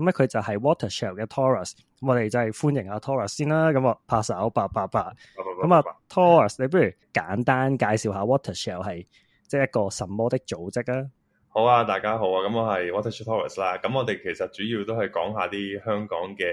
咁咧佢就係 Watershed 嘅 Taurus，咁我哋就係歡迎阿 Taurus 先啦。咁啊，我拍手八八八。咁啊，Taurus，你不如簡單介紹下 Watershed 係即係一個什麼的組織啊？好啊，大家好啊。咁、嗯、我係 Watershed Taurus 啦。咁、嗯、我哋其實主要都係講下啲香港嘅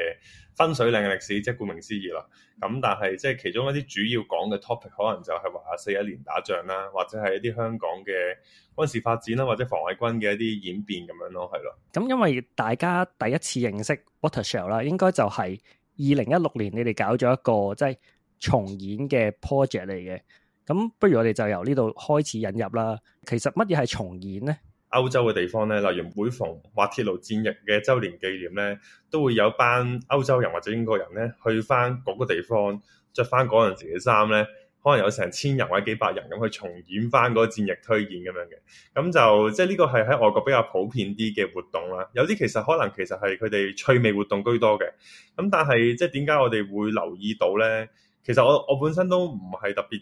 分水嶺嘅歷史，即係顧名思義啦。咁、嗯、但係即係其中一啲主要講嘅 topic，可能就係話四一年打仗啦，或者係一啲香港嘅軍事發展啦，或者防衛軍嘅一啲演變咁樣咯，係咯、嗯。咁因為大家第一次認識 Watershed 啦，應該就係二零一六年你哋搞咗一個即係重演嘅 project 嚟嘅。咁、嗯、不如我哋就由呢度開始引入啦。其實乜嘢係重演咧？歐洲嘅地方咧，例如每逢滑鐵盧戰役嘅周年紀念咧，都會有班歐洲人或者英國人咧，去翻嗰個地方，着翻嗰陣時嘅衫咧，可能有成千人或者幾百人咁去重演翻嗰個戰役推演咁樣嘅，咁就即係呢個係喺外國比較普遍啲嘅活動啦。有啲其實可能其實係佢哋趣味活動居多嘅，咁但係即係點解我哋會留意到咧？其實我我本身都唔係特別。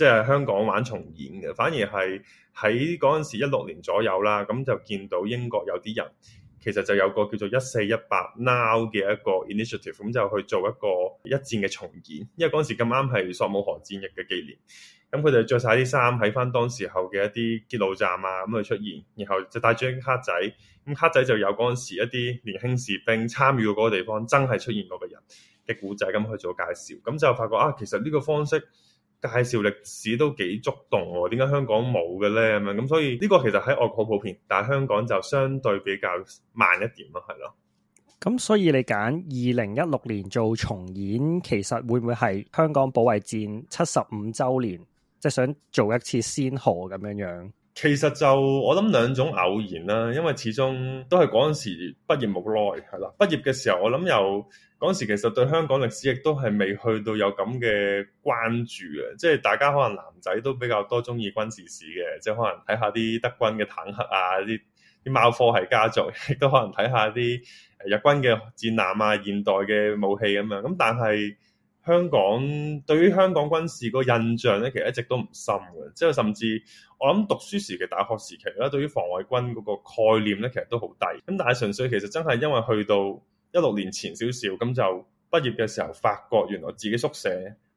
即係香港玩重演嘅，反而係喺嗰陣時一六年左右啦，咁就見到英國有啲人其實就有個叫做一四一八 Now 嘅一個 initiative，咁就去做一個一戰嘅重演。因為嗰陣時咁啱係索姆河戰役嘅紀念，咁佢哋着晒啲衫喺翻當時候嘅一啲鐵路站啊咁去出現，然後就帶住張卡仔，咁卡仔就有嗰陣時一啲年輕士兵參與過嗰個地方真係出現過嗰個人嘅故仔咁去做介紹，咁就發覺啊，其實呢個方式。介紹歷史都幾觸動喎，點解香港冇嘅咧？咁樣咁，所以呢個其實喺外國好普遍，但係香港就相對比較慢一點咯，係咯。咁所以你揀二零一六年做重演，其實會唔會係香港保衛戰七十五週年，即係想做一次先河咁樣樣？其實就我諗兩種偶然啦，因為始終都係嗰陣時畢業冇耐係啦。畢業嘅時候，我諗又嗰陣時其實對香港歷史亦都係未去到有咁嘅關注嘅，即係大家可能男仔都比較多中意軍事史嘅，即係可能睇下啲德軍嘅坦克啊，啲啲貓科係家族亦都可能睇下啲日軍嘅戰艦啊，現代嘅武器咁樣。咁但係。香港對於香港軍事個印象咧，其實一直都唔深嘅，即係甚至我諗讀書時期、大學時期咧，對於防衛軍嗰個概念咧，其實都好低。咁但係純粹其實真係因為去到一六年前少少，咁就畢業嘅時候發覺，原來自己宿舍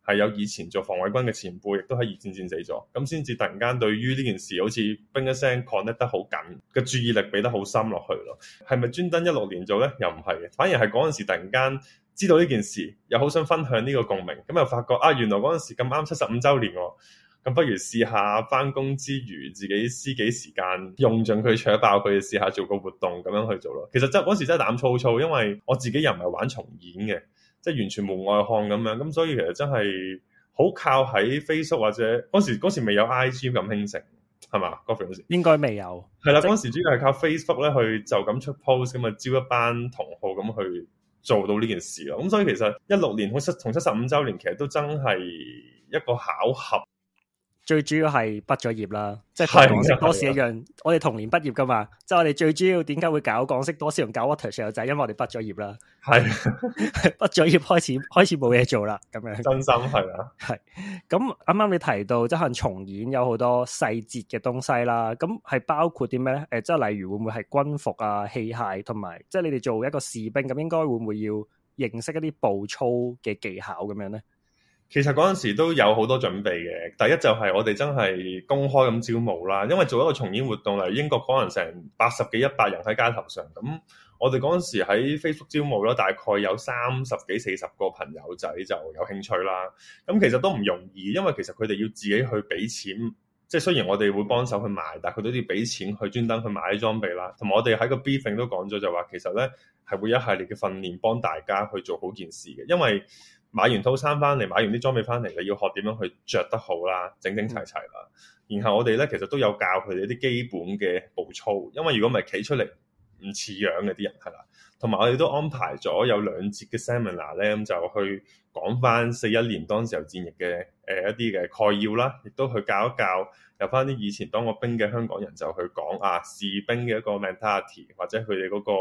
係有以前做防衛軍嘅前輩，亦都喺二戰戰死咗，咁先至突然間對於呢件事好似兵一聲 connect 得好緊，個注意力俾得好深落去咯。係咪專登一六年做咧？又唔係，反而係嗰陣時突然間。知道呢件事，又好想分享呢個共鳴，咁又發覺啊，原來嗰陣時咁啱七十五週年喎，咁啊不如試下翻工之餘，自己私己時間用盡佢，扯爆佢，試下做個活動咁樣去做咯。其實嗰時真係膽粗粗，因為我自己又唔係玩重演嘅，即係完全無外看咁樣。咁所以其實真係好靠喺 Facebook 或者嗰時嗰時未有 IG 咁興盛，係嘛，嗰時應該未有係啦。嗰時主要係靠 Facebook 咧去就咁出 post 咁啊，招一班同好咁去。做到呢件事咯，咁所以其實一六年同七十五週年其實都真係一個巧合。最主要係畢咗業啦，即係港識多史一樣，的我哋同年畢業㗎嘛，即係的我哋最主要點解會搞港識多史同搞 Watershed 就係因為我哋畢咗業啦，係畢咗業開始開始冇嘢做啦，咁樣，真心係啊，係咁啱啱你提到即係可能重演有好多細節嘅東西啦，咁係包括啲咩咧？誒、呃，即係例如會唔會係軍服啊、器械同埋，即係你哋做一個士兵咁，應該會唔會要認識一啲步操嘅技巧咁樣咧？其實嗰陣時都有好多準備嘅，第一就係我哋真係公開咁招募啦，因為做一個重演活動，例如英國可能成八十幾一百人喺街頭上，咁我哋嗰陣時喺 Facebook 招募啦，大概有三十幾四十個朋友仔就有興趣啦。咁其實都唔容易，因為其實佢哋要自己去俾錢，即係雖然我哋會幫手去買，但係佢都要俾錢去專登去買啲裝備啦。同埋我哋喺個 briefing 都講咗，就話其實呢係會一系列嘅訓練幫大家去做好件事嘅，因為。買完套衫翻嚟，買完啲裝備翻嚟，你要學點樣去着得好啦，整整齊齊啦。嗯、然後我哋咧其實都有教佢哋一啲基本嘅步操，因為如果唔係企出嚟唔似樣嘅啲人係啦。同埋我哋都安排咗有兩節嘅 seminar 咧，咁就去講翻四一年當時候戰役嘅誒、呃、一啲嘅概要啦，亦都去教一教有翻啲以前當過兵嘅香港人就去講啊士兵嘅一個 mentality 或者佢哋嗰個、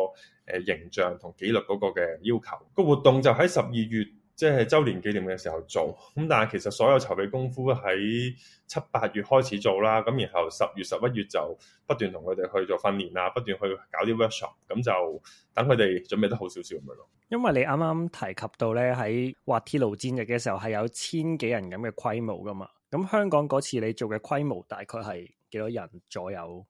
呃、形象同紀律嗰個嘅要求。個活動就喺十二月。即係周年紀念嘅時候做，咁但係其實所有籌備功夫喺七八月開始做啦，咁然後十月十一月就不斷同佢哋去做訓練啦，不斷去搞啲 workshop，咁就等佢哋準備得好少少咁樣咯。因為你啱啱提及到咧，喺滑鐵盧戰役嘅時候係有千幾人咁嘅規模噶嘛，咁香港嗰次你做嘅規模大概係幾多人左右？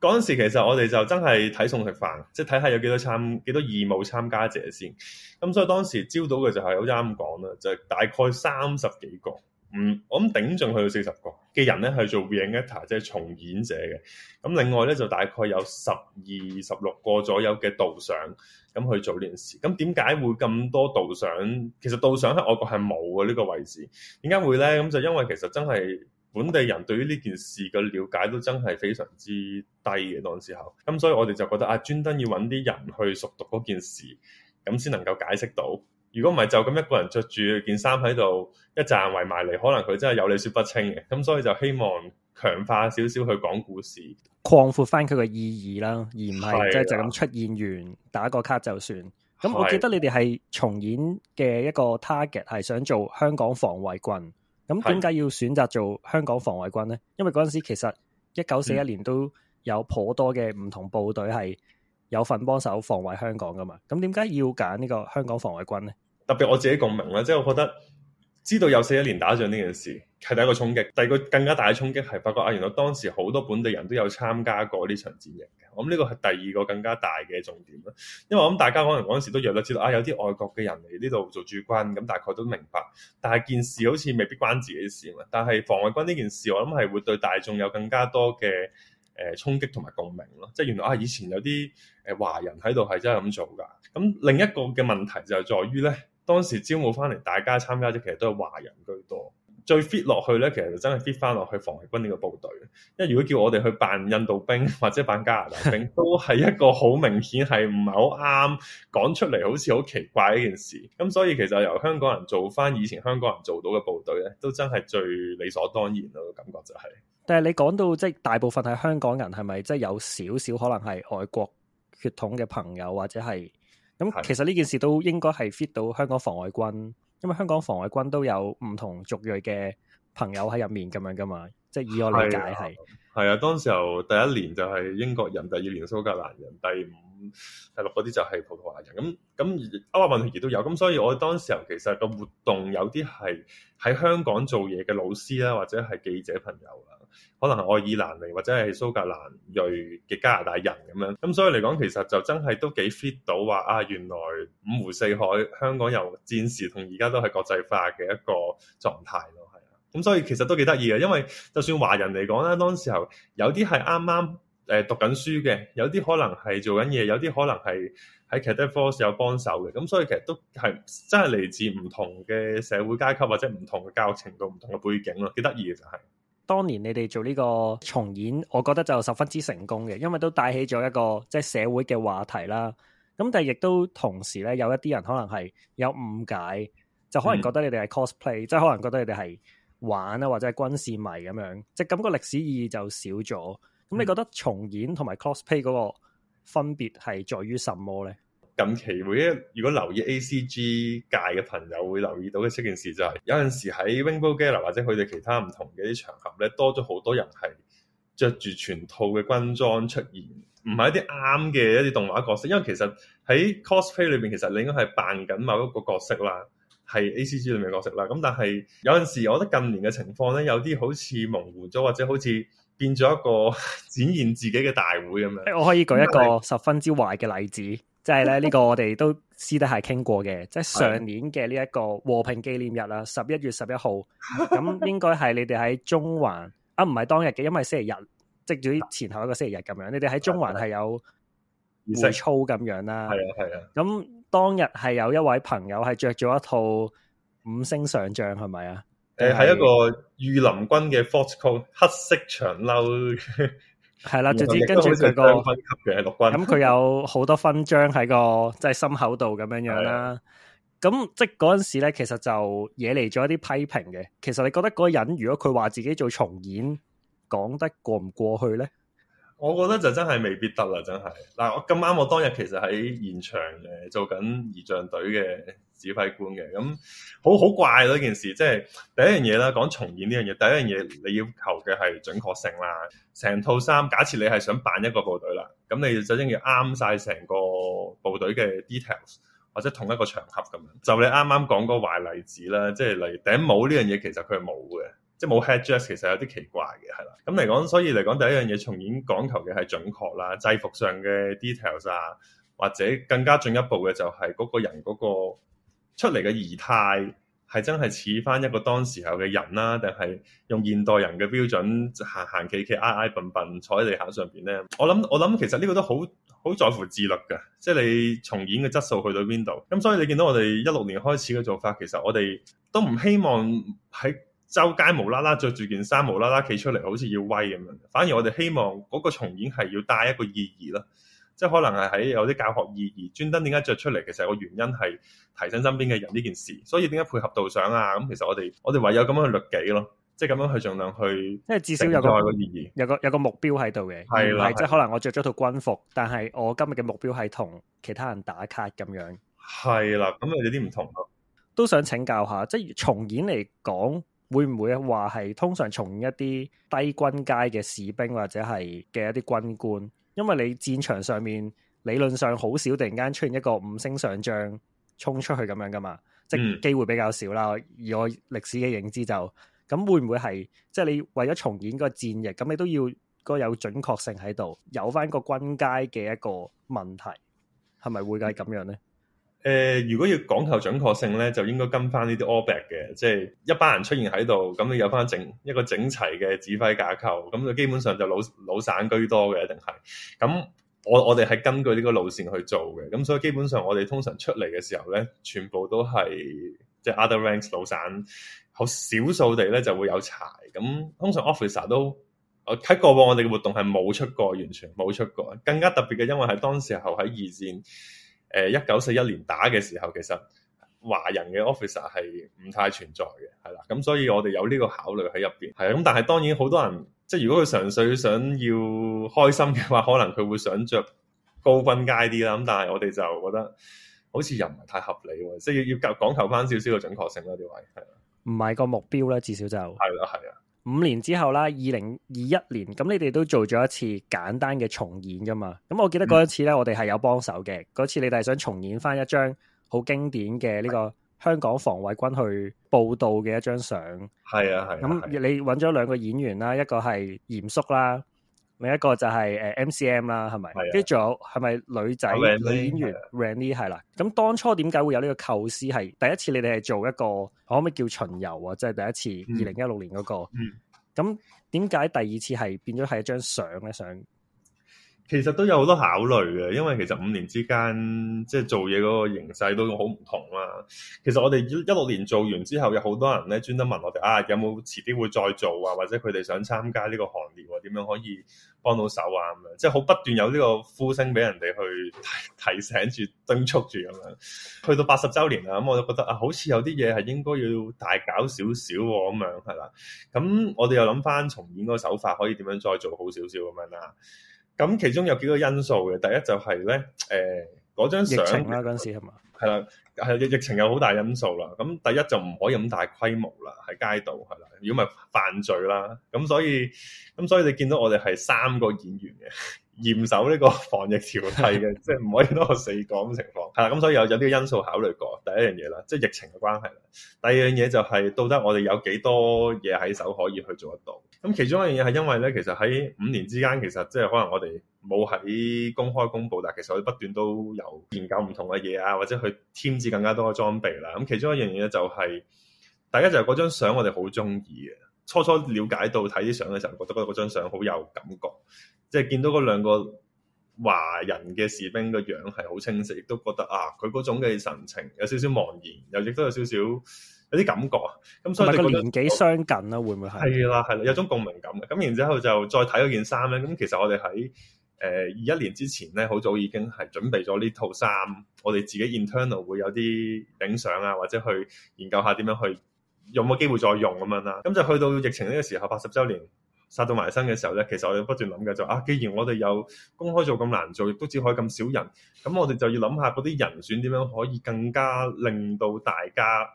嗰陣時其實我哋就真係睇餸食飯，即係睇下有幾多參幾多義務參加者先。咁所以當時招到嘅就係好啱講啦，就係大概三十幾個，嗯，我諗頂盡去到四十個嘅人咧係做 reenactor，即係重演者嘅。咁另外咧就大概有十二十六個左右嘅導賞，咁去做呢件事。咁點解會咁多導賞？其實導賞喺外國係冇嘅呢個位置，點解會咧？咁就因為其實真係。本地人對於呢件事嘅了解都真係非常之低嘅。當時候咁、嗯，所以我哋就覺得啊，專登要揾啲人去熟讀嗰件事，咁、嗯、先能夠解釋到。如果唔係就咁一個人着住件衫喺度一站圍埋嚟，可能佢真係有理説不清嘅。咁、嗯、所以就希望強化少少去講故事，擴闊翻佢嘅意義啦，而唔係即係就咁出現完的打個卡就算。咁我記得你哋係重演嘅一個 target 係想做香港防衛軍。咁點解要選擇做香港防衛軍呢？因為嗰陣時其實一九四一年都有頗多嘅唔同部隊係有份幫手防衛香港噶嘛。咁點解要揀呢個香港防衛軍呢？特別我自己共鳴啦，即係我覺得知道有四一年打仗呢件事，係第一個衝擊，第二個更加大嘅衝擊係發覺啊，原來當時好多本地人都有參加過呢場戰役嘅。我諗呢個係第二個更加大嘅重點啦。因為我諗大家可能嗰陣時都約略知道啊，有啲外國嘅人嚟呢度做駐軍，咁大概都明白。但係件事好似未必關自己事嘛。但係防衛軍呢件事，我諗係會對大眾有更加多嘅誒衝擊同埋共鳴咯。即係原來啊，以前有啲誒華人喺度係真係咁做噶。咁另一個嘅問題就係在於咧，當時招募翻嚟大家參加嘅其實都係華人居多。最 fit 落去咧，其實就真係 fit 翻落去防衛軍呢個部隊。因為如果叫我哋去扮印度兵或者扮加拿大兵，都係一個明顯好明顯係唔係好啱講出嚟，好似好奇怪一件事。咁所以其實由香港人做翻以前香港人做到嘅部隊咧，都真係最理所當然咯。感覺就係、是。但係你講到即係、就是、大部分係香港人，係咪即係有少少可能係外國血統嘅朋友或者係？咁其實呢件事都應該係 fit 到香港防衛軍。因為香港防衛軍都有唔同族裔嘅朋友喺入面咁樣㗎嘛，即係以我理解係。係啊，啊，當時候第一年就係英國人，第二年蘇格蘭人，第五、第六嗰啲就係葡萄牙人。咁咁歐亞混血兒亦都有。咁所以我當時候其實個活動有啲係喺香港做嘢嘅老師啦，啊，或者係記者朋友啊。可能係愛爾蘭嚟，或者係蘇格蘭裔嘅加拿大人咁樣，咁所以嚟講，其實就真係都幾 fit 到話啊，原來五湖四海，香港由戰時同而家都係國際化嘅一個狀態咯，係啊，咁所以其實都幾得意嘅，因為就算華人嚟講咧，當時候有啲係啱啱誒讀緊書嘅，有啲可能係做緊嘢，有啲可能係喺 Cadet Force 有幫手嘅，咁所以其實都係真係嚟自唔同嘅社會階級或者唔同嘅教育程度、唔同嘅背景咯，幾得意嘅就係、是。當年你哋做呢個重演，我覺得就十分之成功嘅，因為都帶起咗一個即係社會嘅話題啦。咁但係亦都同時咧，有一啲人可能係有誤解，就可能覺得你哋係 cosplay，即係、嗯、可能覺得你哋係玩啊，或者係軍事迷咁樣，即係感覺歷史意義就少咗。咁、嗯、你覺得重演同埋 cosplay 嗰個分別係在於什麼呢？近期會一，如果留意 A.C.G 界嘅朋友會留意到嘅一件事，就係有陣時喺 Wingball Gala 或者佢哋其他唔同嘅啲場合咧，多咗好多人係着住全套嘅軍裝出現，唔係一啲啱嘅一啲動畫角色。因為其實喺 Cosplay 裏邊，其實你應該係扮緊某一個角色啦，係 A.C.G 裏面角色啦。咁但係有陣時，我覺得近年嘅情況咧，有啲好似模糊咗，或者好似變咗一個展現自己嘅大會咁樣。我可以舉一個十分之壞嘅例子。即係咧，呢個我哋都私底下傾過嘅，即係上年嘅呢一個和平紀念日啦，十一月十一號，咁應該係你哋喺中環 啊，唔係當日嘅，因為星期日，即係前後一個星期日咁樣，你哋喺中環係有步操咁樣啦，係啊係啊，咁當日係有一位朋友係着咗一套五星上將係咪啊？誒，係一個御林軍嘅 frock coat，黑色長褸。 係啦，直接跟住佢個分級嘅陸軍。咁佢有好多勳章喺個即係心口度咁樣樣啦。咁 即係嗰陣時咧，其實就惹嚟咗一啲批評嘅。其實你覺得嗰個人如果佢話自己做重演，講得過唔過去咧？我覺得就真係未必得啦，真係嗱、啊。我咁啱我當日其實喺現場嘅做緊儀仗隊嘅。指揮官嘅，咁好好怪嗰、啊、件事，即係第一樣嘢啦，講重演呢樣嘢。第一樣嘢，你要求嘅係準確性啦。成套衫，假設你係想扮一個部隊啦，咁你就應要啱晒成個部隊嘅 details，或者同一個場合咁樣。就你啱啱講嗰個壞例子啦，即係例如頂帽呢樣嘢，其實佢係冇嘅，即係冇 head dress，其實有啲奇怪嘅係啦。咁嚟講，所以嚟講第一樣嘢重演講求嘅係準確啦，制服上嘅 details 啊，或者更加進一步嘅就係嗰個人嗰、嗰個。出嚟嘅儀態係真係似返一個當時候嘅人啦，定係用現代人嘅標準行行企企、挨挨笨笨坐喺地下上邊咧？我諗我諗其實呢個都好好在乎自律嘅，即係你重演嘅質素去到邊度？咁所以你見到我哋一六年開始嘅做法，其實我哋都唔希望喺周街無啦啦着住件衫無啦啦企出嚟，好似要威咁樣。反而我哋希望嗰個重演係要帶一個意義啦。即係可能係喺有啲教學意義，專登點解着出嚟？其實個原因係提醒身邊嘅人呢件事。所以點解配合導賞啊？咁其實我哋我哋唯有咁樣去律己咯，即係咁樣去盡量去。即係至少有個意義，有個有個目標喺度嘅。係啦，即係可能我着咗套軍服，但係我今日嘅目標係同其他人打卡咁樣。係啦，咁有啲唔同咯。都想請教下，即係重演嚟講，會唔會話係通常重演一啲低軍階嘅士兵，或者係嘅一啲軍官？因為你戰場上面，理論上好少突然間出現一個五星上將衝出去咁樣㗎嘛，即機會比較少啦。而我歷史嘅認知就咁，會唔會係即係你為咗重演個戰役，咁你都要個有準確性喺度，有返個軍階嘅一個問題，係咪會係咁樣呢？誒、呃，如果要講求準確性咧，就應該跟翻呢啲 ORBAT 嘅，即係一班人出現喺度，咁你有翻整一個整齊嘅指揮架構，咁就基本上就老老散居多嘅，一定係。咁我我哋係根據呢個路線去做嘅，咁所以基本上我哋通常出嚟嘅時候咧，全部都係即係 other ranks 老散，好少數地咧就會有柴。咁通常 officer 都喺過往我哋嘅活動係冇出過，完全冇出過。更加特別嘅，因為係當時候喺二戰。誒，一九四一年打嘅時候，其實華人嘅 officer 係唔太存在嘅。係啦，咁所以我哋有呢個考慮喺入邊，係啊，咁但係當然好多人，即係如果佢純粹想要開心嘅話，可能佢會想着高分階啲啦，咁但係我哋就覺得好似又唔係太合理，即係要要講求翻少少嘅準確性啦，呢位係啊，唔係個目標咧，至少就係啦，係啊。五年之後啦，二零二一年，咁你哋都做咗一次簡單嘅重演㗎嘛？咁我記得嗰一次呢，我哋係有幫手嘅。嗰、嗯、次你哋係想重演翻一張好經典嘅呢個香港防衛軍去報道嘅一張相。係啊係。咁、啊啊、你揾咗兩個演員啦，一個係嚴肅啦。另一個就係誒 M.C.M 啦，係咪的？跟住仲有係咪女仔女演員 Randy 係啦？咁當初點解會有呢個構思？係第一次你哋係做一個可唔可以叫巡遊啊？即係第一次二零一六年嗰個，咁點解第二次係變咗係一張相咧？相。其實都有好多考慮嘅，因為其實五年之間即係、即係、做嘢嗰個形勢都好唔同啦。其實我哋一六年做完之後，有好多人咧專登問我哋啊，有冇遲啲會再做啊？或者佢哋想參加呢個行列，啊，點樣可以幫到手啊？咁樣即係好不斷有呢個呼聲俾人哋去提醒住、敦促住咁樣。去到八十週年啦，咁、嗯、我就覺得啊，好似有啲嘢係應該要大搞少少咁樣，係啦。咁我哋又諗翻重演嗰個手法，可以點樣再做好少少咁樣啦。咁其中有幾個因素嘅，第一就係、是、咧，誒嗰張相啦，嗰陣時係嘛，係啦，係疫情有好大因素啦。咁第一就唔可以咁大規模啦，喺街度，係啦，如果唔係犯罪啦。咁所以咁所以你見到我哋係三個演員嘅。嚴守呢個防疫條例嘅， 即係唔可以多個四個咁情況。係啦，咁所以有有呢個因素考慮過。第一樣嘢啦，即係疫情嘅關係啦。第二樣嘢就係、是、到底我哋有幾多嘢喺手可以去做得到。咁其中一樣嘢係因為咧，其實喺五年之間，其實即係可能我哋冇喺公開公布，但係其實我哋不斷都有研究唔同嘅嘢啊，或者去添置更加多嘅裝備啦。咁其中一樣嘢咧就係、是，大家就係嗰張相我哋好中意嘅。初初了解到睇啲相嘅時候，覺得嗰嗰張相好有感覺。即係見到嗰兩個華人嘅士兵個樣係好清晰，亦都覺得啊，佢嗰種嘅神情有少少茫然，又亦都有少少有啲感覺。咁、嗯、所以個年紀相近啦，會唔會係？係啦，係啦，有種共鳴感嘅。咁然之後就再睇嗰件衫咧。咁、嗯、其實我哋喺誒二一年之前咧，好早已經係準備咗呢套衫。我哋自己 internal 會有啲影相啊，或者去研究下點樣去有冇機會再用咁樣啦。咁、嗯嗯、就去到疫情呢個時候，八十週年。殺到埋身嘅時候咧，其實我哋不斷諗嘅就是、啊，既然我哋有公開做咁難做，亦都只可以咁少人，咁我哋就要諗下嗰啲人選點樣可以更加令到大家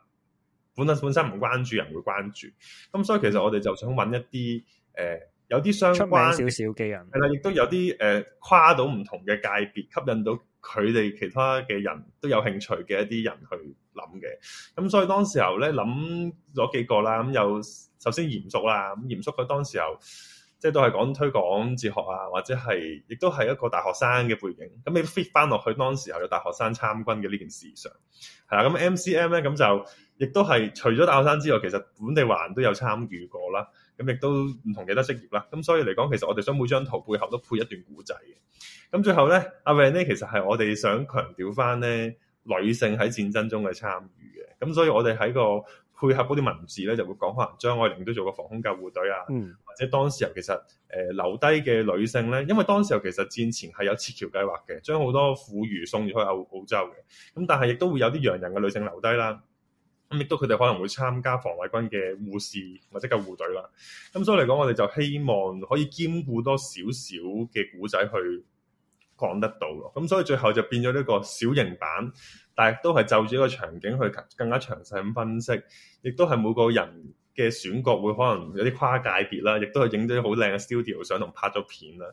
本身本身唔關注人會關注。咁所以其實我哋就想揾一啲誒、呃，有啲相關少少嘅人係啦，亦都有啲誒、呃、跨到唔同嘅界別，吸引到佢哋其他嘅人都有興趣嘅一啲人去。諗嘅，咁所以當時候咧諗咗幾個啦，咁又首先嚴肅啦，咁嚴肅佢當時候即係都係講推廣哲學啊，或者係亦都係一個大學生嘅背景，咁你 fit 翻落去當時候有大學生參軍嘅呢件事上，係啦，咁 MCM 咧咁就亦都係除咗大學生之外，其實本地華人都有參與過啦，咁亦都唔同其他職業啦，咁所以嚟講，其實我哋想每張圖背後都配一段古仔嘅，咁最後咧阿 Van 咧，其實係我哋想強調翻咧，女性喺戰爭中嘅參與嘅，咁所以我哋喺個配合嗰啲文字咧，就會講可能張愛玲都做過防空救護隊啊，嗯、或者當時候其實誒、呃、留低嘅女性咧，因為當時候其實戰前係有撤僑計劃嘅，將好多婦孺送咗去澳澳洲嘅，咁但係亦都會有啲洋人嘅女性留低啦，咁亦都佢哋可能會參加防衛軍嘅護士或者救護隊啦，咁所以嚟講，我哋就希望可以兼顧多少少嘅古仔去。講得到咯，咁所以最後就變咗呢個小型版，但係都係就住一個場景去更加詳細咁分析，亦都係每個人嘅選角會可能有啲跨界別啦，亦都係影咗啲好靚嘅 studio 相同拍咗片啦。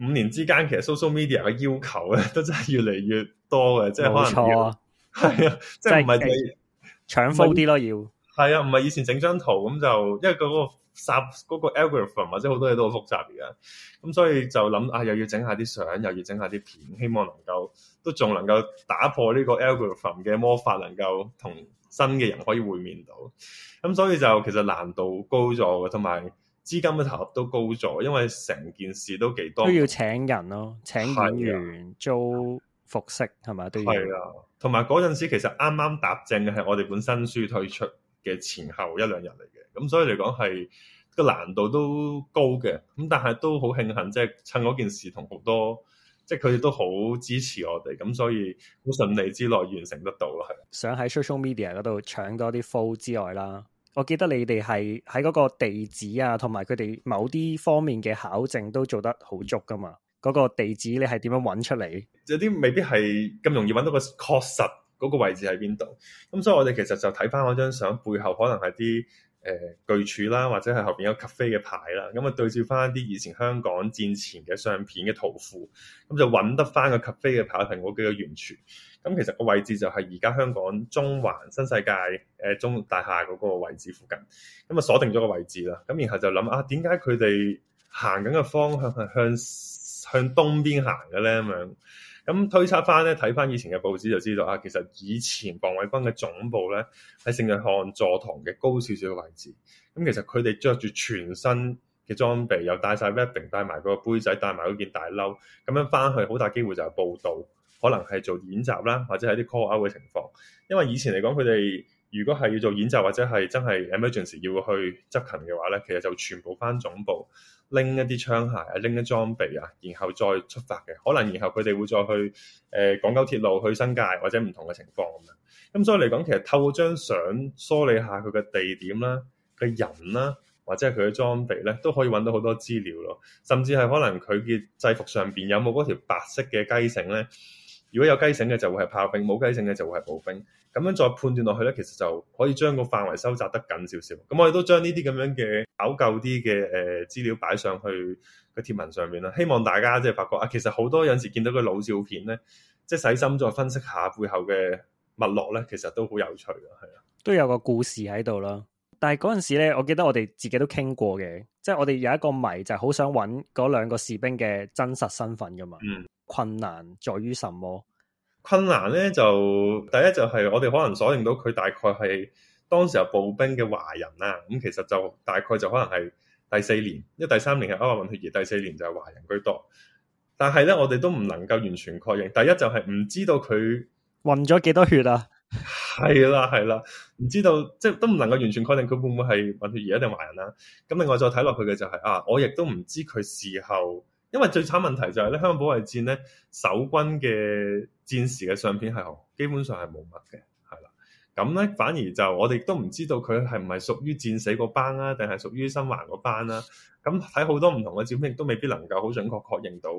五年之間其實 social media 嘅要求咧都真係越嚟越多嘅，即係可能冇啊，錯 的即係唔係你搶富啲咯要係啊，唔係以前整張圖咁就因為、嗰個。嗰個 algorithm 或者好多嘢都好複雜嘅，咁、嗯、所以就諗啊又要整下啲相，又要整下啲片，片，希望能夠都仲能夠打破呢個 algorithm 嘅魔法，能夠同新嘅人可以會面到。咁、嗯、所以就其實難度高咗嘅，同埋資金嘅投入都高咗，因為成件事都幾多都要請人咯，請演員、的租服飾係咪都要？係啊，同埋嗰陣時其實啱啱搭正嘅係我哋本新書推出。嘅前後一兩日嚟嘅，咁所以嚟講係個難度都高嘅，咁但係都好慶幸，即係趁嗰件事同好多，即係佢哋都好支持我哋，咁所以好順利之內完成得到咯，係。想喺 social media 嗰度搶多啲 follow 之外啦，我記得你哋係喺嗰個地址啊，同埋佢哋某啲方面嘅考證都做得好足噶嘛。嗰個地址你係點樣揾出嚟？有啲未必係咁容易揾到個確實。嗰個位置喺邊度？咁所以我哋其實就睇翻嗰張相背後，可能係啲誒巨柱啦，或者係後邊有 cafe 嘅牌啦。咁啊對照翻啲以前香港戰前嘅相片嘅圖庫，咁就揾得翻個 cafe 嘅牌同我幾個源傳。咁其實個位置就係而家香港中環新世界誒、呃、中大廈嗰個位置附近。咁啊鎖定咗個位置啦。咁然後就諗啊，點解佢哋行緊嘅方向係向向東邊行嘅咧？咁樣。咁、嗯、推測翻咧，睇翻以前嘅報紙就知道啊，其實以前防衛軍嘅總部咧喺聖約翰座堂嘅高少少嘅位置。咁、嗯、其實佢哋着住全身嘅裝備，又戴晒 wrapping，戴埋個杯仔，戴埋嗰件大褸，咁樣翻去好大機會就係報道，可能係做演習啦，或者係啲 call out 嘅情況。因為以前嚟講，佢哋如果係要做演習或者係真係 emergency 要去執勤嘅話咧，其實就全部翻總部拎一啲槍械啊，拎一裝備啊，然後再出發嘅。可能然後佢哋會再去誒、呃、廣九鐵路去新界或者唔同嘅情況咁樣。咁、嗯、所以嚟講，其實透過張相梳理下佢嘅地點啦、嘅人啦，或者係佢嘅裝備咧，都可以揾到好多資料咯。甚至係可能佢嘅制服上邊有冇嗰條白色嘅雞繩咧？如果有雞繩嘅就會係炮兵，冇雞繩嘅就會係步兵。咁樣再判斷落去咧，其實就可以將個範圍收窄得緊少少。咁我哋都將呢啲咁樣嘅考究啲嘅誒資料擺上去個貼文上面啦。希望大家即係發覺啊，其實好多有時見到個老照片咧，即係細心再分析下背後嘅脈絡咧，其實都好有趣嘅，係啊，都有個故事喺度啦。但係嗰陣時咧，我記得我哋自己都傾過嘅，即係我哋有一個謎就係好想搵嗰兩個士兵嘅真實身份噶嘛。嗯，困難在於什麼？困難咧就第一就係我哋可能鎖定到佢大概係當時係步兵嘅華人啦。咁，嗯，其實就大概就可能係第四年，因為第三年係歐亞混血，而第四年就係華人居多。但係咧，我哋都唔能夠完全確認。第一就係唔知道佢混咗幾多血啊。係啦，係啦，唔知道即係都唔能夠完全確定佢會唔會係混血兒啊，定華人啦。咁另外再睇落去嘅就係、是、啊，我亦都唔知佢事後，因為最慘問題就係、是、咧香港保衛戰咧守軍嘅戰時嘅相片係，基本上係冇乜嘅，係啦。咁咧反而就我哋都唔知道佢係唔係屬於戰死嗰班啊，定係屬於生還嗰班啦、啊。咁睇好多唔同嘅照片，亦都未必能夠好準確確認到。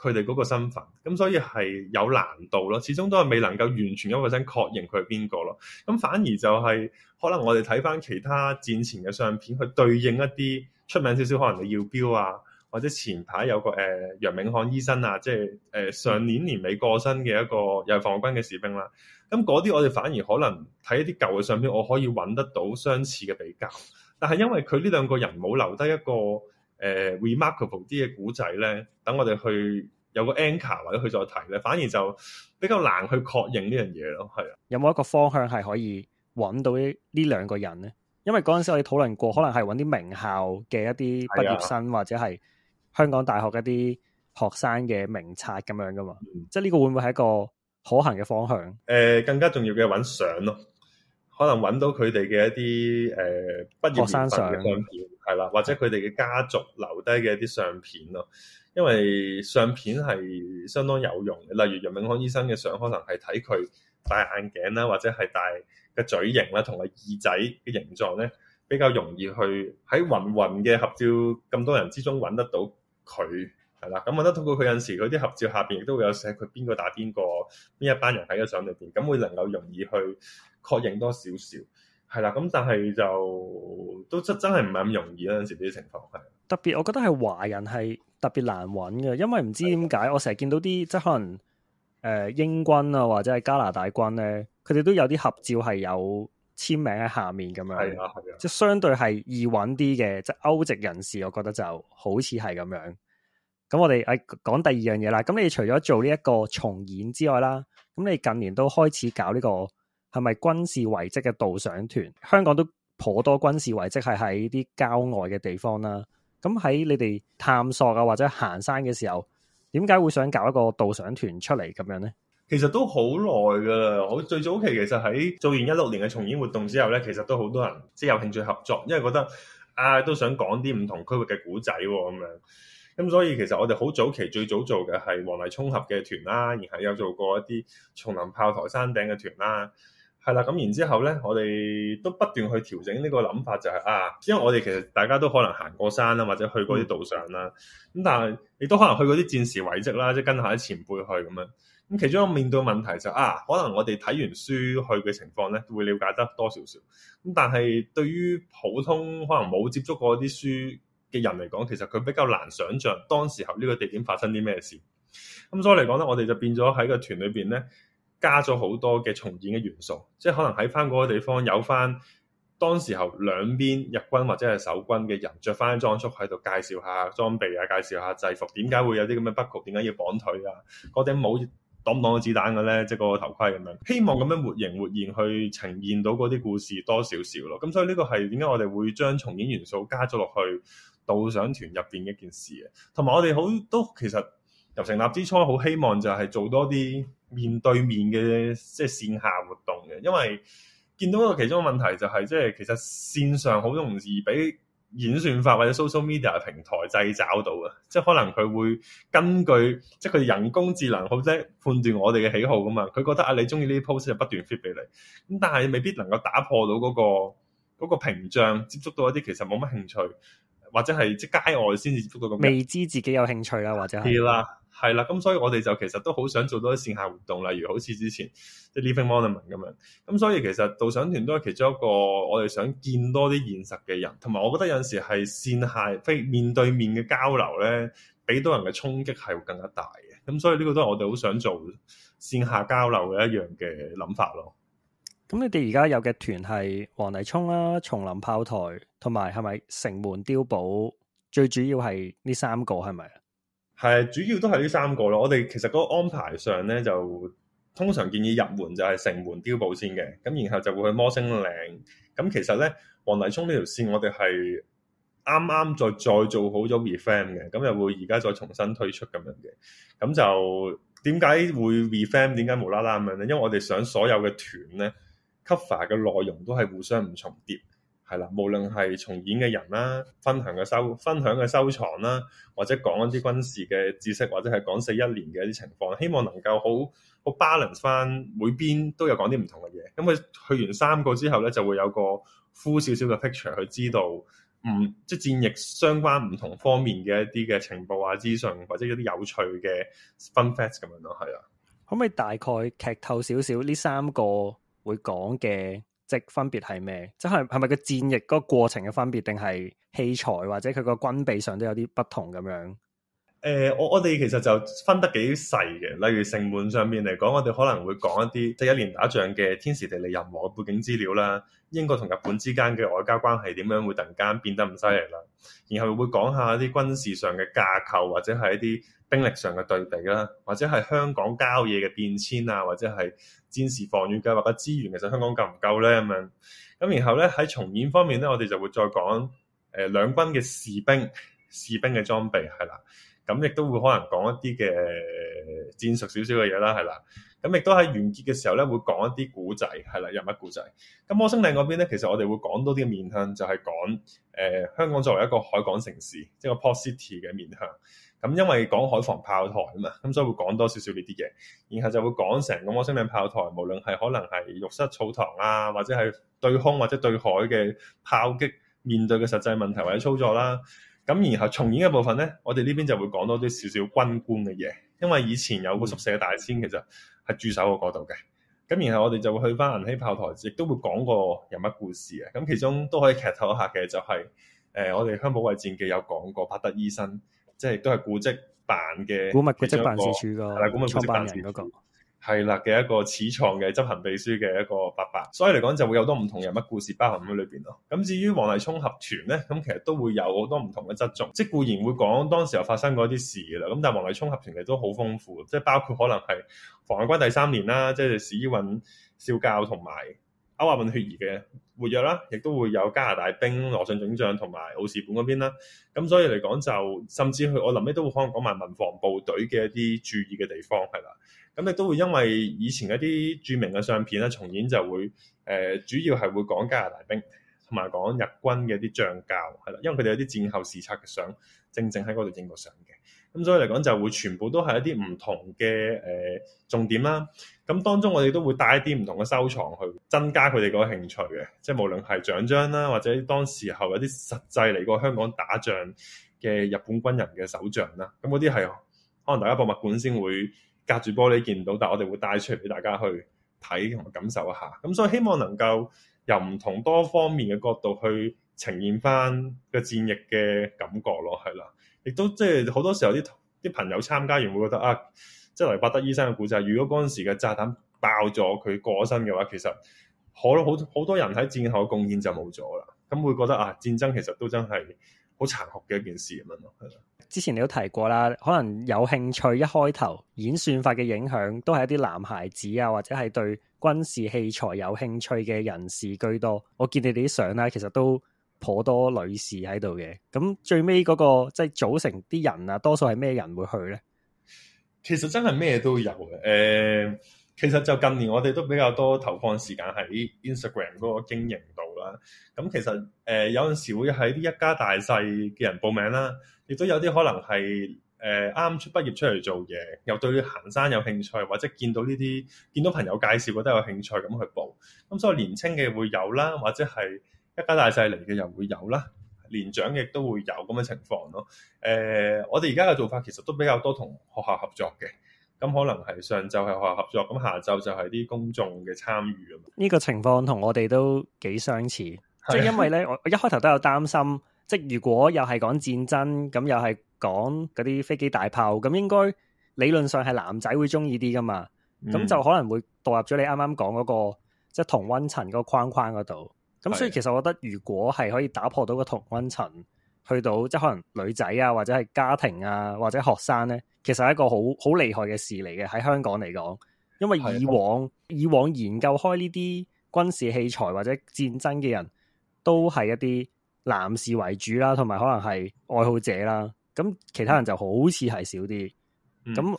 佢哋嗰個身份，咁所以係有難度咯。始終都係未能夠完全一個身確認佢係邊個咯。咁反而就係、是、可能我哋睇翻其他戰前嘅相片，去對應一啲出名少少，可能李耀彪啊，或者前排有個誒、呃、楊明漢醫生啊，即係誒、呃、上年年尾過身嘅一個又係防衛軍嘅士兵啦。咁嗰啲我哋反而可能睇一啲舊嘅相片，我可以揾得到相似嘅比較，但係因為佢呢兩個人冇留低一個。誒、呃、remarkable 啲嘅古仔咧，等我哋去有個 anchor 或者去再提咧，反而就比較難去確認呢樣嘢咯，係啊。有冇一個方向係可以揾到呢呢兩個人咧？因為嗰陣時我哋討論過，可能係揾啲名校嘅一啲畢業生，的或者係香港大學一啲學生嘅名冊咁樣㗎嘛。嗯、即係呢個會唔會係一個可行嘅方向？誒、呃，更加重要嘅揾相咯。可能揾到佢哋嘅一啲誒、呃、畢業年份嘅相片，係啦，或者佢哋嘅家族留低嘅一啲相片咯，因為相片係相當有用。例如楊永康醫生嘅相，可能係睇佢戴眼鏡啦，或者係戴嘅嘴型啦，同埋耳仔嘅形狀咧，比較容易去喺芸芸嘅合照咁多人之中揾得到佢。係啦，咁我覺得通過佢有時佢啲合照下邊，亦都會有寫佢邊個打邊個，邊一班人喺個相裏邊，咁會能夠容易去確認多少少。係啦，咁但係就都真真係唔係咁容易啦。有時啲情況係特別，我覺得係華人係特別難揾嘅，因為唔知點解，的我成日見到啲即係可能誒、呃、英軍啊，或者係加拿大軍咧，佢哋都有啲合照係有簽名喺下面咁樣，係啊的，係啊，即係相對係易揾啲嘅，即係歐籍人士，我覺得就好似係咁樣。咁我哋誒，講第二樣嘢啦。咁你除咗做呢一個重演之外啦，咁你近年都開始搞呢個係咪軍事遺迹嘅導賞團？香港都頗多軍事遺迹係喺啲郊外嘅地方啦。咁喺你哋探索啊或者行山嘅時候，點解會想搞一個導賞團出嚟咁樣咧？其實都好耐噶啦。我最早期其實喺做完一六年嘅重演活動之後咧，其實都好多人即係有興趣合作，因為覺得啊都想講啲唔同區域嘅古仔咁樣。咁所以其實我哋好早期最早做嘅係黃泥涌峽嘅團啦，啊，然後有做過一啲松林炮台山頂嘅團啦，啊，係啦，咁然之後咧，我哋都不斷去調整呢個諗法，就是，就係啊，因為我哋其實大家都可能行過山啦，啊，或者去過啲道上啦，啊，咁、嗯、但係亦都可能去過啲戰時遺蹟啦，即係跟下啲前輩去咁樣。咁其中一個面對問題就是，啊，可能我哋睇完書去嘅情況咧，會了解得多少少。咁但係對於普通可能冇接觸過啲書嘅人嚟講，其實佢比較難想像當時候呢個地點發生啲咩事。咁所以嚟講咧，我哋就變咗喺個團裏邊咧，加咗好多嘅重演嘅元素，即係可能喺翻嗰個地方有翻當時候兩邊日軍或者係守軍嘅人着翻啲裝束，喺度介紹下裝備啊，介紹下制服，點解會有啲咁嘅不協？點解要綁腿啊？嗰頂帽擋唔擋到子彈嘅、啊、咧？即、就、係、是、個頭盔咁樣，希望咁樣活形活現去呈現到嗰啲故事多少少咯。咁所以呢個係點解我哋會將重演元素加咗落去，導賞團入邊一件事嘅，同埋我哋好都其實由成立之初好希望就係做多啲面對面嘅即係線下活動嘅，因為見到一個其中個問題就係即係其實線上好容易俾演算法或者 social media 平台製找到啊，即係可能佢會根據即係佢人工智能好即係判斷我哋嘅喜好噶嘛，佢覺得啊你中意呢啲 post 就不斷 fit 俾你咁，但係未必能夠打破到嗰個嗰個屏障，接觸到一啲其實冇乜興趣。或者係即街外先至捉到咁，未知自己有興趣啦、啊，或者係啦，係啦。咁所以，我哋就其實都好想做多啲綫下活動，例如好似之前即係、就是、Living Monument 咁樣，咁所以其實導賞團都係其中一個我哋想見多啲現實嘅人，同埋我覺得有陣時係綫下非面對面嘅交流咧，俾到人嘅衝擊係會更加大嘅。咁所以呢個都係我哋好想做綫下交流嘅一樣嘅諗法咯。咁你哋而家有嘅團係黃泥涌啦、松林炮台同埋係咪城門碉堡？最主要係呢三個，係咪？係，主要都係呢三個咯。我哋其實嗰個安排上咧，就通常建議入門就係城門碉堡先嘅，咁然後就會去摩星嶺。咁其實咧，黃泥涌呢條線我哋係啱啱再再做好咗 refine 嘅，咁又會而家再重新推出咁樣嘅。咁就點解會 refine？點解無啦啦咁樣咧？因為我哋想所有嘅團咧。cover 嘅內容都係互相唔重疊，係啦。無論係重演嘅人啦，分享嘅收分享嘅收藏啦，或者講一啲軍事嘅知識，或者係講四一年嘅一啲情況，希望能夠好好 balance 返每邊都有講啲唔同嘅嘢。咁佢去完三個之後咧，就會有個 full 少少嘅 picture 去知道唔，即係戰役相關唔同方面嘅一啲嘅情報啊、資訊，或者一啲有趣嘅 fun facts 咁樣咯。係啊，可唔可以大概劇透少少呢三個？會講嘅即分別係咩？即係係咪個戰役個過程嘅分別，定係器材或者佢個軍備上都有啲不同咁樣？誒、呃，我我哋其實就分得幾細嘅。例如城門上面嚟講，我哋可能會講一啲第、就是、一年打仗嘅天時地利人和背景資料啦。英國同日本之間嘅外交關係點樣會突然間變得咁犀利啦？然後會講下啲軍事上嘅架構，或者係一啲兵力上嘅對比啦，或者係香港交易嘅變遷啊，或者係。戰時防禦計劃嘅資源其實香港夠唔夠咧咁樣？咁然後咧喺重演方面咧，我哋就會再講誒、呃、兩軍嘅士兵、士兵嘅裝備係啦。咁亦都會可能講一啲嘅、呃、戰術少少嘅嘢啦，係啦。咁亦都喺完結嘅時候咧，會講一啲古仔係啦，人物古仔。咁摩星嶺嗰邊咧，其實我哋會講多啲嘅面向，就係、是、講誒、呃、香港作為一個海港城市，即、就、係、是、個 Port City 嘅面向。咁因為講海防炮台啊嘛，咁所以會講多少少呢啲嘢，然後就會講成個摩星嶺炮台，無論係可能係浴室草堂啊，或者係對空或者對海嘅炮擊面對嘅實際問題或者操作啦。咁然後重演嘅部分咧，我哋呢邊就會講多啲少少軍官嘅嘢，因為以前有個宿舍大仙其實係駐守過嗰度嘅。咁、嗯、然後我哋就會去翻銀禧炮台，亦都會講過有乜故事嘅。咁其中都可以劇透一下嘅就係、是、誒、呃，我哋《香港衛戰記》有講過柏德醫生。即係都係古蹟辦嘅古物古蹟物辦事處個古物古蹟辦人嗰個，係啦嘅一個始創嘅執行秘書嘅一個伯伯， 所以嚟講就會有多唔同人物故事包含喺裏邊咯。咁至於黃麗聰合團咧，咁其實都會有好多唔同嘅側重，即固然會講當時候發生嗰啲事嘅啦。咁但係黃麗聰合團其實都好豐富，即係包括可能係防衛軍第三年啦,即係史議員少校同埋。歐亞混血兒嘅活躍啦，亦都會有加拿大兵、羅遜准將同埋奧士本嗰邊啦。咁所以嚟講，就甚至去我臨尾都會可能講埋民防部隊嘅一啲注意嘅地方係啦。咁亦都會因為以前一啲著名嘅相片咧重演就會誒、呃，主要係會講加拿大兵同埋講日軍嘅啲將校係啦，因為佢哋有啲戰後視察嘅相，正正喺嗰度影過相嘅。咁所以嚟講，就會全部都係一啲唔同嘅誒、呃、重點啦。咁當中我哋都會帶一啲唔同嘅收藏去增加佢哋個興趣嘅，即係無論係獎章啦，或者當時候有啲實際嚟過香港打仗嘅日本軍人嘅手杖啦，咁嗰啲係可能大家博物館先會隔住玻璃見到，但係我哋會帶出嚟俾大家去睇同埋感受一下。咁所以希望能夠由唔同多方面嘅角度去呈現翻個戰役嘅感覺咯，係啦，亦都即係好多時候啲啲朋友參加完會覺得啊～即係黎伯德醫生嘅故事，如果嗰陣時嘅炸彈爆咗，佢過身嘅話，其實好好好多人喺戰後嘅貢獻就冇咗啦。咁會覺得啊，戰爭其實都真係好殘酷嘅一件事咁咯。係啦，之前你都提過啦，可能有興趣一開頭演算法嘅影響，都係一啲男孩子啊，或者係對軍事器材有興趣嘅人士居多。我見你哋啲相咧，其實都頗多女士喺度嘅。咁最尾嗰個，即係組成啲人啊，多數係咩人會去咧？其實真係咩都有嘅。誒、呃，其實就近年我哋都比較多投放時間喺 Instagram 嗰個經營度啦。咁、嗯、其實誒、呃、有陣時會喺啲一,一家大細嘅人報名啦，亦都有啲可能係誒啱出畢業出嚟做嘢，又對行山有興趣，或者見到呢啲見到朋友介紹覺得有興趣咁去報。咁、嗯、所以年青嘅會有啦，或者係一家大細嚟嘅人會有啦。年長亦都會有咁嘅情況咯。誒、呃，我哋而家嘅做法其實都比較多同學校合作嘅，咁、嗯、可能係上晝係學校合作，咁、嗯、下晝就係啲公眾嘅參與啊嘛。呢個情況同我哋都幾相似，即係的因為咧，我一開頭都有擔心，即係如果又係講戰爭，咁又係講嗰啲飛機大炮，咁應該理論上係男仔會中意啲㗎嘛，咁就可能會墮入咗你啱啱講嗰個、嗯、即係同温層嗰個框框嗰度。咁所以其實我覺得，如果係可以打破到個同温層，去到即係可能女仔啊，或者係家庭啊，或者學生呢，其實係一個好好厲害嘅事嚟嘅，喺香港嚟講。因為以往的以往研究開呢啲軍事器材或者戰爭嘅人都係一啲男士為主啦，同埋可能係愛好者啦。咁其他人就好似係少啲。咁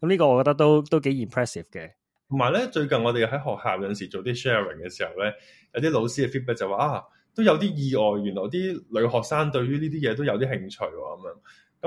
咁呢個我覺得都都幾 impressive 嘅。同埋咧，最近我哋喺學校有陣時做啲 sharing 嘅時候咧，有啲老師嘅 feedback 就話啊，都有啲意外。原來啲女學生對於呢啲嘢都有啲興趣喎。咁樣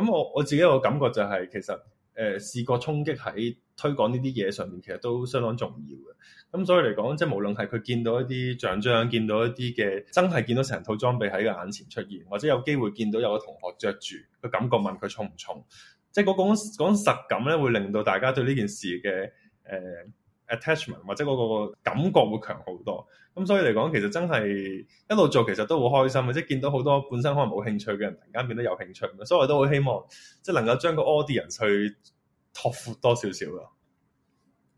咁我我自己個感覺就係、是、其實誒視覺衝擊喺推廣呢啲嘢上面，其實都相當重要嘅。咁所以嚟講，即係無論係佢見到一啲獎章，見到一啲嘅真係見到成套裝備喺個眼前出現，或者有機會見到有個同學着住，佢感覺問佢重唔重，即係嗰講講實感咧，會令到大家對呢件事嘅誒。呃 attachment 或者嗰個感覺會強好多，咁所以嚟講，其實真係一路做其實都好開心，即係見到好多本身可能冇興趣嘅人，突然間變得有興趣，所以我都好希望即係能夠將個 audience 去拓闊多少少咯。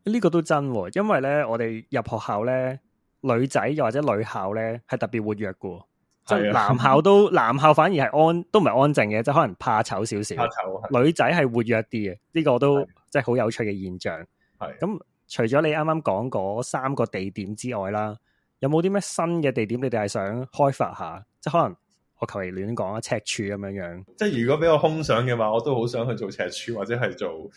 呢個都真，因為咧我哋入學校咧，女仔又或者女校咧係特別活躍嘅，啊、即係男校都男校反而係安都唔係安靜嘅，即係可能怕醜少少，怕醜、啊、女仔係活躍啲嘅，呢、呢個都即係好有趣嘅現象。係咁、啊。除咗你啱啱講嗰三個地點之外啦，有冇啲咩新嘅地點？你哋係想開發下，即係可能我求其亂講啊，赤柱咁樣樣。即係如果俾我空想嘅話，我都好想去做赤柱或者係做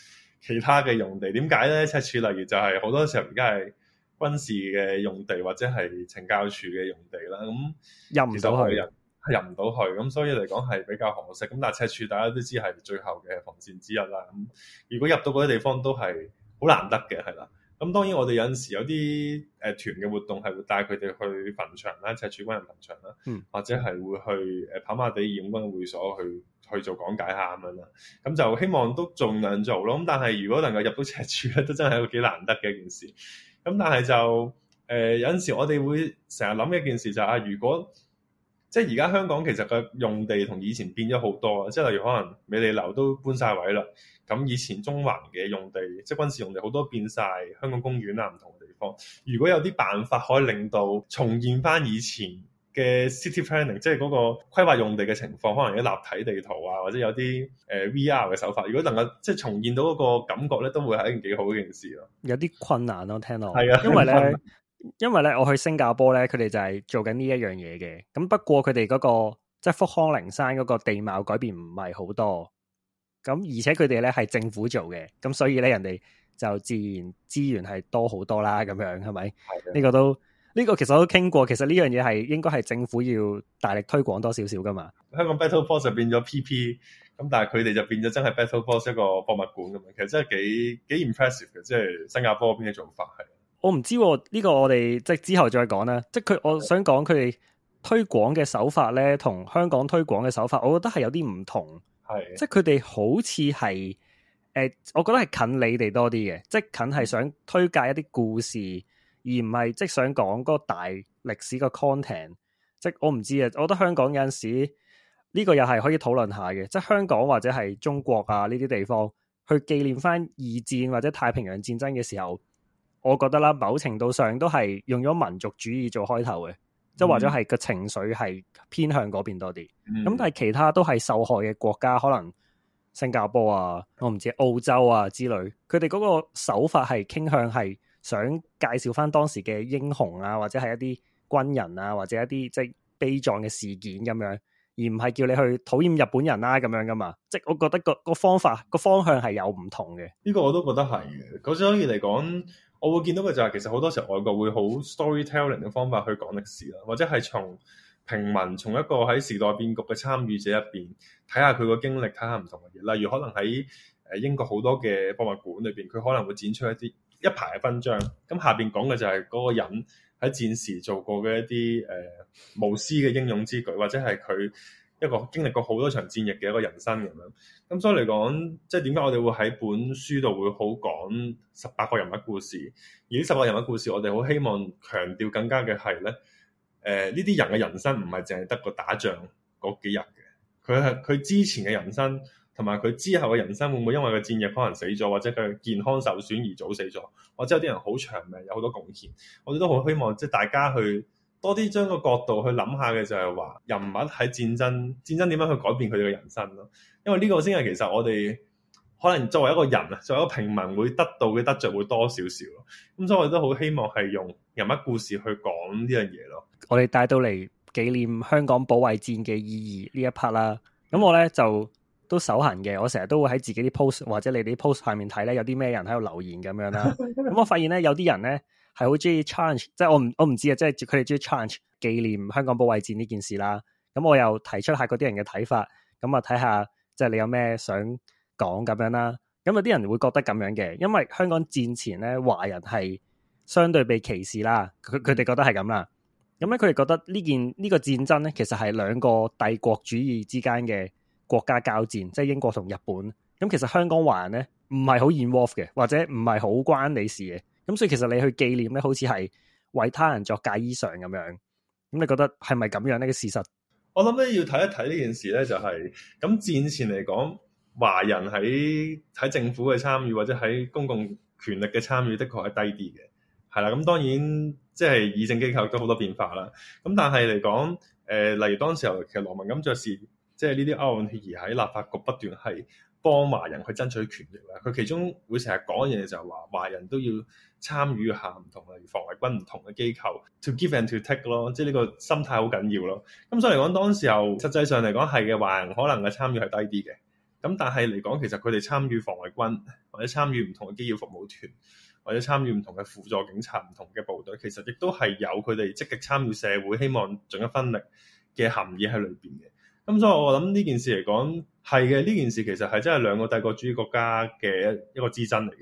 其他嘅用地。點解咧？赤柱例如就係、是、好多時候而家係軍事嘅用地，或者係懲教處嘅用地啦。咁、嗯、入唔到去入唔到去，咁，所以嚟講係比較可惜。咁但係赤柱大家都知係最後嘅防線之一啦。咁、嗯、如果入到嗰啲地方都係好難得嘅，係啦。咁當然我哋有陣時有啲誒、呃、團嘅活動係會帶佢哋去墳場啦，赤柱軍人墳場啦，嗯、或者係會去誒、呃、跑馬地義勇軍會所去去做講解下咁樣啦。咁就希望都盡量做咯。咁但係如果能夠入到赤柱咧，都真係一個幾難得嘅一件事。咁但係就誒、呃、有陣時我哋會成日諗一件事就係、是、啊，如果即係而家香港其實個用地同以前變咗好多，即係例如可能美利樓都搬晒位啦。咁以前中環嘅用地，即軍事用地好多變晒香港公園啊，唔同嘅地方。如果有啲辦法可以令到重現翻以前嘅 city planning，即係嗰個規劃用地嘅情況，可能有立體地圖啊，或者有啲誒、呃、VR 嘅手法，如果能夠即係重現到嗰個感覺咧，都會係一件幾好嘅件事咯。有啲困難咯、啊，聽到，係啊的， 因為咧，因為咧，我去新加坡咧，佢哋就係做緊呢一樣嘢嘅。咁不過佢哋嗰個即、就是、福康寧山嗰個地貌改變唔係好多。咁而且佢哋咧，係政府做嘅，咁所以咧，人哋就自然資源係多好多啦，咁樣係咪？呢是的 個都呢、這個其實我都傾過，其實呢樣嘢係應該係政府要大力推廣多少少噶嘛。香港 Battle Force 變 PP，就變咗 PP，咁但係佢哋就變咗真係 Battle Force 一個博物館咁樣，其實真係幾幾 impressive 嘅，即係、就是、新加坡嗰邊嘅做法係。我唔知呢、啊這個我哋即係之後再講啦，即係佢我想講佢哋推廣嘅手法咧，同香港推廣嘅手法，我覺得係有啲唔同。即係佢哋好似係誒，我覺得係近你哋多啲嘅，即近係想推介一啲故事，而唔係即想講個大歷史個 content。即我唔知啊，我覺得香港有陣時呢個又係可以討論下嘅。即係香港或者係中國啊呢啲地方，去紀念翻二戰或者太平洋戰爭嘅時候，我覺得啦，某程度上都係用咗民族主義做開頭嘅。即係或者係個情緒係偏向嗰邊多啲，咁、嗯、但係其他都係受害嘅國家，可能新加坡啊，我唔知澳洲啊之類，佢哋嗰個手法係傾向係想介紹翻當時嘅英雄啊，或者係一啲軍人啊，或者一啲即係悲壯嘅事件咁樣，而唔係叫你去討厭日本人啦、啊、咁樣㗎嘛。即、就、係、是、我覺得個個方法個方向係有唔同嘅。呢個我都覺得係嘅。所以嚟講。我會見到嘅就係其實好多時候外國會好 storytelling 嘅方法去講歷史啦，或者係從平民，從一個喺時代變局嘅參與者入邊睇下佢個經歷，睇下唔同嘅嘢。例如可能喺誒英國好多嘅博物館裏邊，佢可能會展出一啲一排嘅勛章，咁下邊講嘅就係嗰個人喺戰時做過嘅一啲誒、呃、無私嘅英勇之舉，或者係佢。一個經歷過好多場戰役嘅一個人生咁樣，咁所以嚟講，即係點解我哋會喺本書度會好講十八個人物故事？而呢十個人物故事，我哋好希望強調更加嘅係咧，誒呢啲人嘅人生唔係淨係得個打仗嗰幾日嘅，佢係佢之前嘅人生同埋佢之後嘅人生會唔會因為個戰役可能死咗，或者佢健康受損而早死咗，或者有啲人好長命有好多貢獻，我哋都好希望即係大家去。多啲將個角度去諗下嘅就係話人物喺戰爭，戰爭點樣去改變佢哋嘅人生咯？因為呢個先係其實我哋可能作為一個人啊，作為一個平民會得到嘅得著會多少少咯。咁所以我都好希望係用人物故事去講呢樣嘢咯。我哋帶到嚟紀念香港保衛戰嘅意義呢一 part 啦。咁我咧就都手痕嘅，我成日都會喺自己啲 post 或者你啲 post 下面睇咧有啲咩人喺度留言咁樣啦。咁我發現咧有啲人咧，係好中意 challenge，即係我唔我唔知啊，即係佢哋中意 challenge 紀念香港保衛戰呢件事啦。咁我又提出下嗰啲人嘅睇法，咁啊睇下即係你有咩想講咁樣啦。咁有啲人會覺得咁樣嘅，因為香港戰前咧華人係相對被歧視啦，佢佢哋覺得係咁啦。咁咧佢哋覺得呢件呢個戰爭咧，其實係兩個帝國主義之間嘅國家交戰，即係英國同日本。咁其實香港華人咧唔係好 involve 嘅，或者唔係好關你事嘅。咁所以其實你去紀念咧，好似係為他人作嫁衣裳咁樣。咁你覺得係咪咁樣呢？嘅、這個、事實，我諗咧要睇一睇呢件事咧，就係、是、咁戰前嚟講，華人喺喺政府嘅參與或者喺公共權力嘅參與，的確係低啲嘅。係啦，咁當然即係議政機構都有好多變化啦。咁但係嚟講，誒、呃、例如當時候其實羅文錦爵士，即係呢啲歐亞混血兒喺立法局不斷係。幫華人去爭取權益咧，佢其中會成日講嘅嘢就係話華人都要參與下唔同嘅防衛軍、唔同嘅機構，to give and to take 咯，即係呢個心態好緊要咯。咁所以嚟講，當時候實際上嚟講係嘅，華人可能嘅參與係低啲嘅。咁但係嚟講，其實佢哋參與防衛軍或者參與唔同嘅機要服務團或者參與唔同嘅輔助警察唔同嘅部隊，其實亦都係有佢哋積極參與社會，希望盡一分力嘅含義喺裏邊嘅。咁所以我諗呢件事嚟講係嘅，呢件事其實係真係兩個帝國主義國家嘅一個之爭嚟嘅。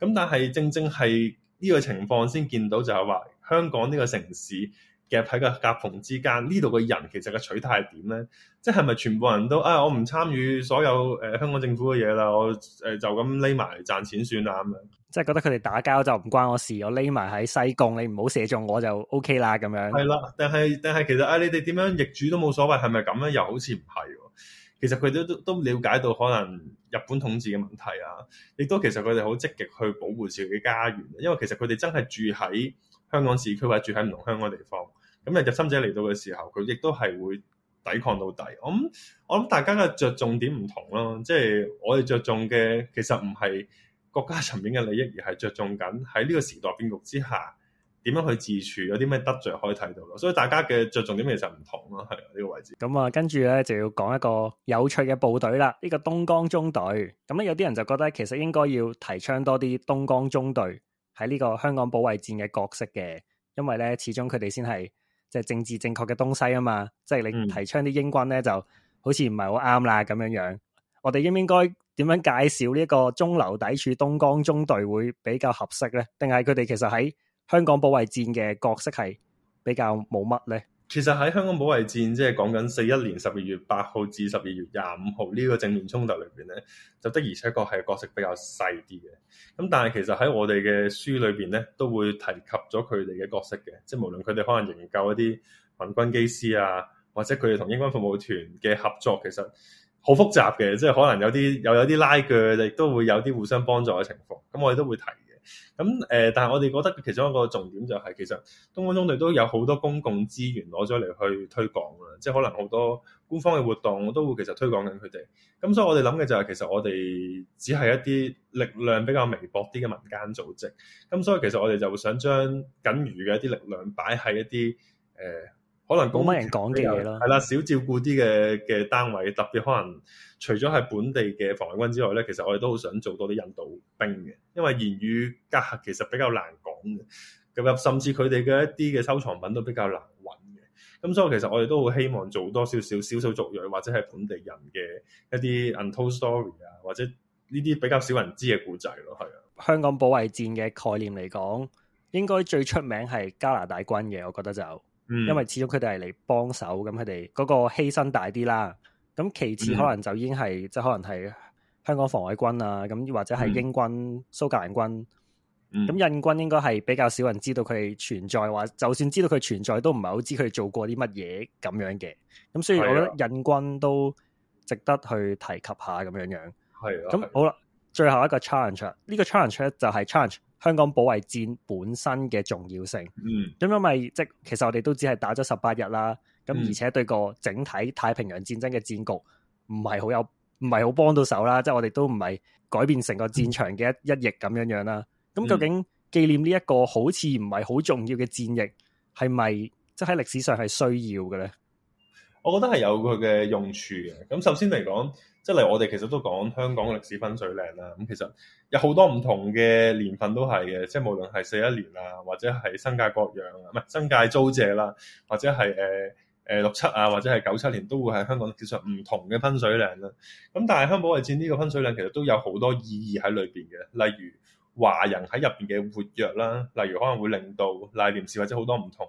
咁但係正正係呢個情況先見到就係話香港呢個城市。夾喺個夾縫之間，呢度嘅人其實嘅取態係點咧？即係咪全部人都啊、哎？我唔參與所有誒、呃、香港政府嘅嘢啦，我誒、呃、就咁匿埋賺錢算啦咁樣。即係覺得佢哋打交就唔關我事，我匿埋喺西貢，你唔好射中我就 OK 啦咁樣。係啦，但係但係其實啊、哎，你哋點樣易主都冇所謂，係咪咁咧？又好似唔係喎。其實佢都都了解到可能日本統治嘅問題啊，亦都其實佢哋好積極去保護自己嘅家園，因為其實佢哋真係住喺香港市區或者住喺唔同香港地方。咁、嗯、入入侵者嚟到嘅時候，佢亦都係會抵抗到底。我諗我諗大家嘅着重點唔同咯，即係我哋着重嘅其實唔係國家層面嘅利益，而係着重緊喺呢個時代變局之下，點樣去自處，有啲咩得著可以睇到咯。所以大家嘅着重點其實唔同咯，係呢、呢個位置。咁啊、嗯，跟住咧就要講一個有趣嘅部隊啦，呢、呢個東江中隊。咁、嗯、咧有啲人就覺得，其實應該要提倡多啲東江中隊喺呢個香港保衛戰嘅角色嘅，因為咧始終佢哋先係。即係政治正確嘅東西啊嘛，即係你提倡啲英軍咧，就好似唔係好啱啦咁樣樣。我哋應唔應該點樣介紹呢一個中流砥柱東江中隊會比較合適咧？定係佢哋其實喺香港保衛戰嘅角色係比較冇乜咧？其實喺香港保衞戰，即係講緊四一年十二月八號至十二月廿五號呢個正面衝突裏邊咧，就的而且確係角色比較細啲嘅。咁但係其實喺我哋嘅書裏邊咧，都會提及咗佢哋嘅角色嘅，即係無論佢哋可能營救一啲憲軍機師啊，或者佢哋同英軍服務團嘅合作，其實好複雜嘅，即係可能有啲又有啲拉鋸，亦都會有啲互相幫助嘅情況。咁我哋都會提。咁誒、呃，但係我哋覺得其中一個重點就係、是，其實東方中隊都有好多公共資源攞咗嚟去推廣啦，即係可能好多官方嘅活動我都會其實推廣緊佢哋。咁所以我哋諗嘅就係、是，其實我哋只係一啲力量比較微薄啲嘅民間組織。咁所以其實我哋就會想將僅餘嘅一啲力量擺喺一啲誒、呃可能冇乜人講嘅嘢啦，係啦，少照顧啲嘅嘅單位，特別可能除咗係本地嘅防衛軍之外咧，其實我哋都好想做多啲印度兵嘅，因為言語隔閡其實比較難講嘅咁啊，甚至佢哋嘅一啲嘅收藏品都比較難揾嘅。咁所以其實我哋都好希望做多少少少數族裔或者係本地人嘅一啲 untold story 啊，或者呢啲比較少人知嘅古仔咯，係啊。香港保衛戰嘅概念嚟講，應該最出名係加拿大軍嘅，我覺得就。因為始終佢哋係嚟幫手，咁佢哋嗰個犧牲大啲啦。咁其次可能就已經係，嗯、即係可能係香港防衛軍啊，咁或者係英軍、蘇、嗯、格蘭軍。嗯。咁印軍應該係比較少人知道佢哋存在，或者就算知道佢存在，都唔係好知佢哋做過啲乜嘢咁樣嘅。咁所以我覺得印軍都值得去提及下咁樣、嗯、樣。係。咁好啦，最後一個 challenge 呢個 challenge 咧就係 challenge 香港保衛戰本身嘅重要性，嗯，咁因為即其實我哋都只係打咗十八日啦，咁而且對個整體太平洋戰爭嘅戰局唔係好有，唔係好幫到手啦，即係我哋都唔係改變成個戰場嘅一、嗯、一役咁樣樣啦。咁究竟紀念呢一個好似唔係好重要嘅戰役是是，係咪即係喺歷史上係需要嘅咧？我覺得係有佢嘅用處嘅。咁首先嚟講。即係嚟，我哋其實都講香港嘅歷史分水嶺啦。咁其實有好多唔同嘅年份都係嘅，即係無論係四一年啊，或者係新界割讓啊，唔係新界租借啦，或者係誒誒六七啊，呃呃、67，或者係九七年都會喺香港其實唔同嘅分水嶺啦。咁但係香港保衛戰呢個分水嶺其實都有好多意義喺裏邊嘅，例如華人喺入邊嘅活躍啦，例如可能會令到賴廉士或者好多唔同。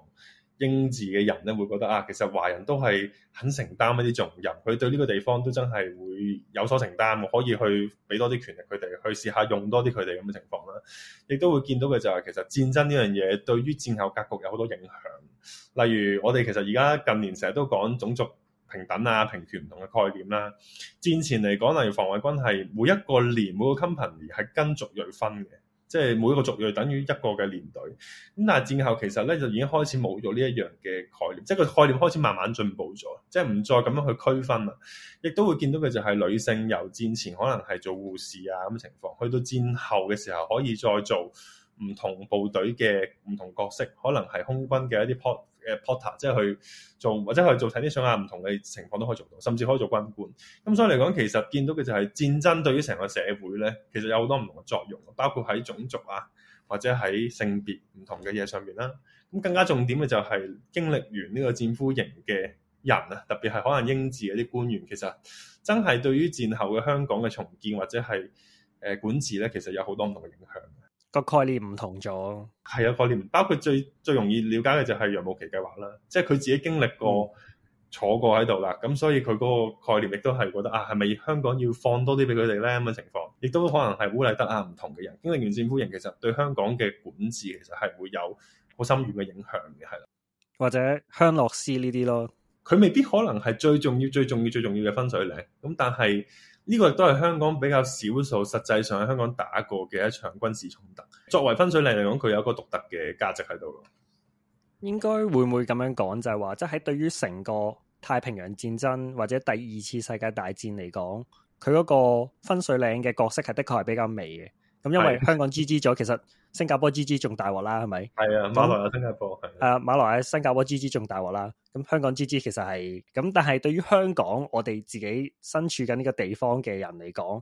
英治嘅人咧，會覺得啊，其實華人都係肯承擔一啲重任，佢對呢個地方都真係會有所承擔，可以去俾多啲權力佢哋，去試下用多啲佢哋咁嘅情況啦。亦都會見到嘅就係、是、其實戰爭呢樣嘢對於戰後格局有好多影響。例如我哋其實而家近年成日都講種族平等啊、平權唔同嘅概念啦、啊。戰前嚟講，例如防衛軍係每一個連、每個 company 係跟族裔分嘅。即係每一個族裔等於一個嘅連隊，咁但係戰後其實咧就已經開始冇咗呢一樣嘅概念，即係個概念開始慢慢進步咗，即係唔再咁樣去區分啦，亦都會見到嘅就係女性由戰前可能係做護士啊咁嘅情況，去到戰後嘅時候可以再做唔同部隊嘅唔同角色，可能係空軍嘅一啲誒 Potter 即係去做，或者去做睇啲上下唔同嘅情況都可以做到，甚至可以做軍官。咁所以嚟講，其實見到嘅就係戰爭對於成個社會咧，其實有好多唔同嘅作用，包括喺種族啊，或者喺性別唔同嘅嘢上邊啦。咁更加重點嘅就係、是、經歷完呢個戰俘營嘅人啊，特別係可能英治嗰啲官員，其實真係對於戰後嘅香港嘅重建或者係誒、呃、管治咧，其實有好多唔同嘅影響。個概念唔同咗，係啊，概念包括最最容易了解嘅就係楊慕琦計劃啦，即係佢自己經歷過、嗯、坐過喺度啦，咁所以佢嗰個概念亦都係覺得啊，係咪香港要放多啲俾佢哋咧咁嘅情況，亦都可能係污賴德啊唔同嘅人經歷完戰俘營，其實對香港嘅管治其實係會有好深遠嘅影響嘅，係啦，或者香諾斯呢啲咯，佢未必可能係最重要、最重要、最重要嘅分水嶺，咁但係。呢個亦都係香港比較少數實際上喺香港打過嘅一場軍事衝突，作為分水嶺嚟講，佢有一個獨特嘅價值喺度咯。應該會唔會咁樣講，就係話，即係對於成個太平洋戰爭或者第二次世界大戰嚟講，佢嗰個分水嶺嘅角色係的確係比較微嘅。咁、嗯、因為香港 GG 咗， 其實新加坡 GG 仲大鑊啦，係咪？係啊，馬來亞新加坡係啊，馬來亞新加坡 GG 仲大鑊啦。咁香港 GG 其實係咁、嗯，但係對於香港我哋自己身處緊呢個地方嘅人嚟講，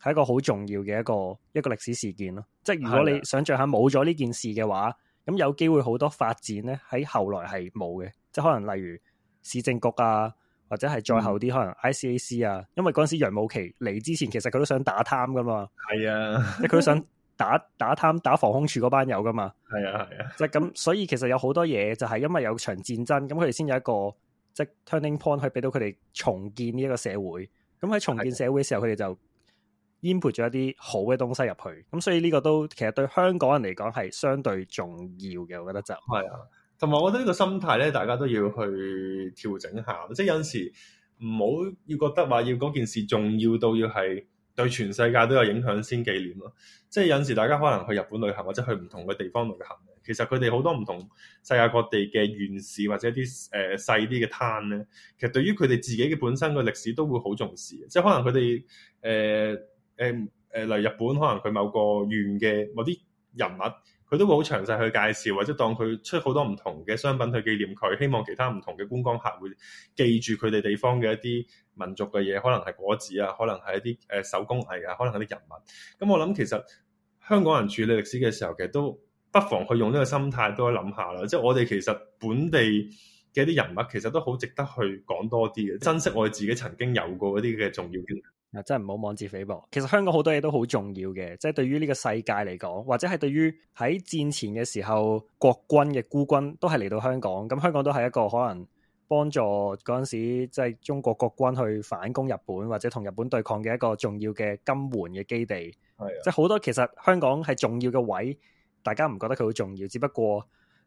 係一個好重要嘅一個一個歷史事件咯。即係如果你想象下冇咗呢件事嘅話，咁的有機會好多發展咧喺後來係冇嘅，即係可能例如市政局啊。或者係再後啲，嗯、可能 ICAC 啊，因為嗰陣時楊慕琦嚟之前，其實佢都想打貪㗎嘛，係啊，即係佢都想打 打貪打防空處嗰班友㗎嘛，係啊係啊，即係咁，所以其實有好多嘢就係、是、因為有場戰爭，咁佢哋先有一個即係、就是、turning point，去以俾到佢哋重建呢一個社會。咁喺重建社會嘅時候，佢哋的就 input 咗一啲好嘅東西入去。咁所以呢個都其實對香港人嚟講係相對重要嘅，我覺得就係、是、啊。的同埋，我覺得呢個心態咧，大家都要去調整下，即係有時唔好要覺得話要嗰件事重要到要係對全世界都有影響先紀念咯。即係有時大家可能去日本旅行或者去唔同嘅地方旅行，其實佢哋好多唔同世界各地嘅縣市或者啲誒、呃、細啲嘅攤咧，其實對於佢哋自己嘅本身嘅歷史都會好重視。即係可能佢哋誒誒誒，例如日本可能佢某個縣嘅某啲人物。佢都會好詳細去介紹，或者當佢出好多唔同嘅商品去紀念佢，希望其他唔同嘅觀光客會記住佢哋地方嘅一啲民族嘅嘢，可能係果子啊，可能係一啲誒手工藝啊，可能係啲人物。咁我諗其實香港人處理歷史嘅時候，其實都不妨去用呢個心態多諗下啦。即係我哋其實本地嘅啲人物，其實都好值得去講多啲嘅，珍惜我自己曾經有過嗰啲嘅重要經歷。啊！真唔好妄自菲薄。其實香港好多嘢都好重要嘅，即係對於呢個世界嚟講，或者係對於喺戰前嘅時候，國軍嘅孤軍都係嚟到香港。咁香港都係一個可能幫助嗰陣時，即係中國國軍去反攻日本或者同日本對抗嘅一個重要嘅金援嘅基地。係的，即係好多其實香港係重要嘅位，大家唔覺得佢好重要，只不過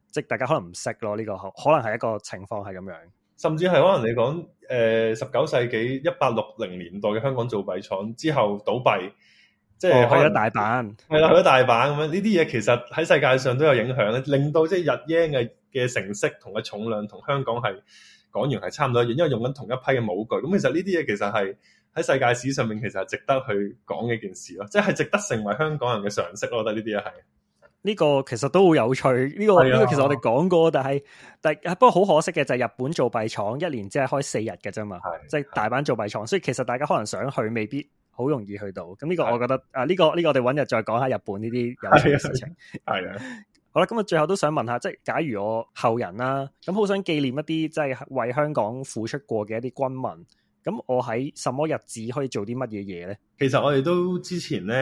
即係大家可能唔識咯。呢個可能係一個情況係咁樣。甚至係可能你講誒，十九世紀一八六零年代嘅香港造幣廠之後倒閉，即係去咗大阪，係啦，去咗大阪。咁樣呢啲嘢其實喺世界上都有影響咧，令到即係日英嘅嘅成色同埋重量同香港係港元係差唔多一樣，因為用緊同一批嘅模具。咁其實呢啲嘢其實係喺世界史上面其實係值得去講嘅一件事咯，即係值得成為香港人嘅常識咯。我覺得呢啲嘢係。呢個其實都好有趣，呢、呢個呢、哎、呀個其實我哋講過，但係但不過好可惜嘅就係日本造幣廠一年只係開四日嘅啫嘛，即係是大阪造幣廠，是所以其實大家可能想去未必好容易去到，咁呢個我覺得是啊呢、呢個呢、呢個我哋揾日再講下日本呢啲有趣嘅事情，係啊，好啦，咁、嗯、啊最後都想問下，即係假如我後人啦、啊，咁好想紀念一啲即係為香港付出過嘅一啲軍民。咁我喺什麼日子可以做啲乜嘢嘢咧？其實我哋都之前咧，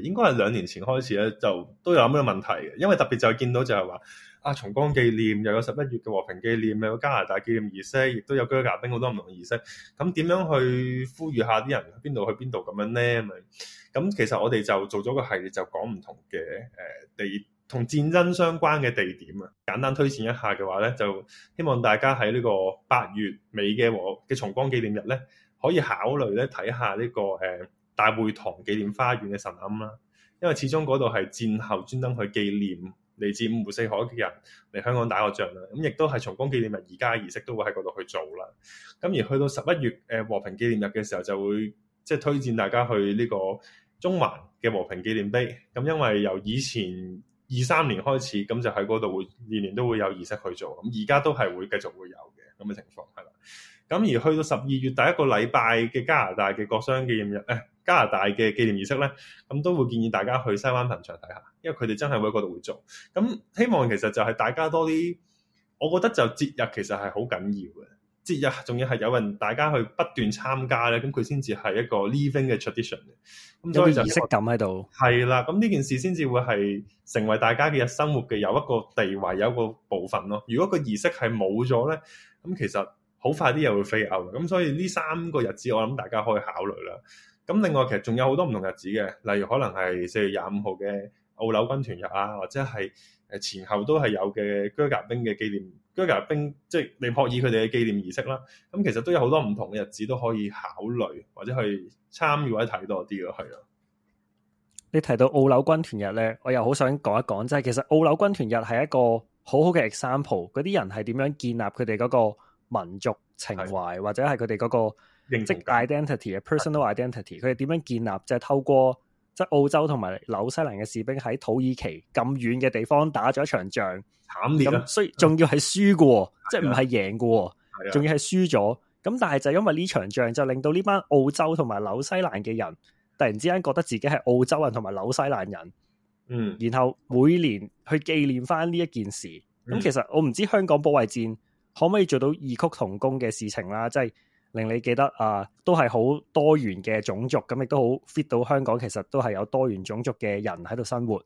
誒，應該係兩年前開始咧，就都有諗呢個問題嘅，因為特別就係見到就係話啊，重光紀念又有十一月嘅和平紀念，又有加拿大紀念儀式，亦都有居港兵好多唔同儀式。咁點樣去呼籲下啲人去邊度去邊度咁樣咧？咁其實我哋就做咗個系列就講，就講唔同嘅誒地。同戰爭相關嘅地點啊，簡單推薦一下嘅話呢，就希望大家喺呢個八月尾嘅和嘅重光紀念日呢，可以考慮呢睇下呢、這個誒、呃、大會堂紀念花園嘅神龕啦，因為始終嗰度係戰後專登去紀念嚟自五湖四海嘅人嚟香港打過仗啦。咁亦都係重光紀念日而家嘅儀式都會喺嗰度去做啦。咁、嗯、而去到十一月誒、呃、和平紀念日嘅時候就，就會即係推薦大家去呢個中環嘅和平紀念碑。咁、嗯、因為由以前二三年開始，咁就喺嗰度會年年都會有儀式去做，咁而家都係會繼續會有嘅咁嘅情況，係啦。咁而去到十二月第一個禮拜嘅加拿大嘅國殤紀念日，誒、哎、加拿大嘅紀念儀式咧，咁都會建議大家去西灣墳場睇下，因為佢哋真係會喺嗰度會做。咁希望其實就係大家多啲，我覺得就節日其實係好緊要嘅，節日仲要係有人大家去不斷參加咧，咁佢先至係一個 living 嘅 tradition。咁、嗯、所以就儀式感喺度，係啦。咁呢件事先至會係成為大家嘅生活嘅有一個地位，有一個部分咯。如果個儀式係冇咗咧，咁其實好快啲又會飛鈎。咁所以呢三個日子，我諗大家可以考慮啦。咁另外其實仲有好多唔同日子嘅，例如可能係四月廿五號嘅澳紐軍團日啊，或者係誒前後都係有嘅啹喀兵嘅紀念。居格，格兵即係、就是、你學以佢哋嘅紀念儀式啦。咁其實都有好多唔同嘅日子都可以考慮，或者去參與，或者睇多啲咯。係啊，你提到澳紐軍團日咧，我又好想講一講，即係其實澳紐軍團日係一個好好嘅 example。嗰啲人係點樣建立佢哋嗰個民族情懷的或者係佢哋嗰個即係 identity 嘅 personal identity 的。佢哋點樣建立就係、是、透過。即係澳洲同埋紐西蘭嘅士兵喺土耳其咁遠嘅地方打咗一場仗，咁了、嗯、所以仲要係輸嘅， 即係唔係贏嘅，仲 要係輸咗。咁但係就因為呢場仗，就令到呢班澳洲同埋紐西蘭嘅人突然之間覺得自己係澳洲人同埋紐西蘭人，嗯，然後每年去紀念翻呢一件事。咁、嗯嗯、其實我唔知香港保衛戰可唔可以做到異曲同工嘅事情啦，即係。令你記得啊，都係好多元嘅種族，咁亦都好 fit 到香港，其實都係有多元種族嘅人喺度生活，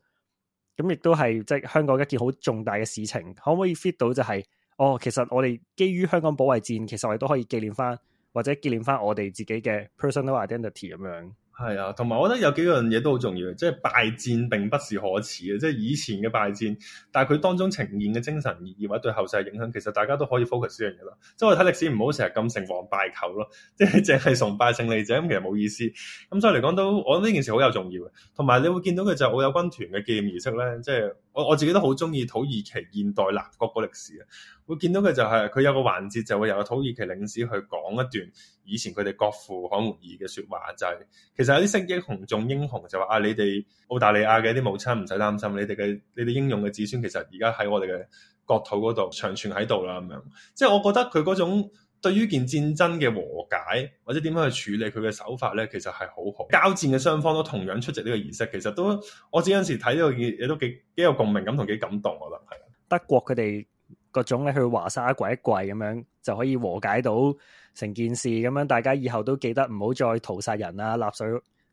咁亦都係即係香港一件好重大嘅事情。可唔可以 fit 到就係，是，哦，其實我哋基於香港保衛戰，其實我哋都可以紀念返，或者紀念返我哋自己嘅 personal identity 咁樣。係啊，同埋我覺得有幾樣嘢都好重要，即係敗戰並不是可恥嘅，即係以前嘅敗戰，但係佢當中呈現嘅精神，意義或者對後世嘅影響，其實大家都可以 focus 呢樣嘢啦。即係我哋睇歷史唔好成日咁成王敗寇咯，即係淨係崇拜勝利者咁，其實冇意思。咁所以嚟講都，我覺得呢件事好有重要嘅。同埋你會見到佢就奧有軍團嘅紀念儀式咧，即係。我我自己都好中意土耳其現代南國個歷史啊！會見到佢就係、是、佢有個環節就會由土耳其領事去講一段以前佢哋國父凱末爾嘅説話，就係、是、其實有啲識英雄敬英雄就話啊，你哋澳大利亞嘅啲母親唔使擔心，你哋嘅你哋英勇嘅子孫其實而家喺我哋嘅國土嗰度長存喺度啦咁樣。即、就、係、是、我覺得佢嗰種。對於件戰爭嘅和解或者點樣去處理佢嘅手法咧，其實係好好。交戰嘅雙方都同樣出席呢個儀式，其實都我有陣時睇呢個嘢都幾幾有共鳴感同幾感動，可能係。德國佢哋各種咧去華沙一跪一跪咁樣，就可以和解到成件事咁樣，大家以後都記得唔好再屠殺人啊！納粹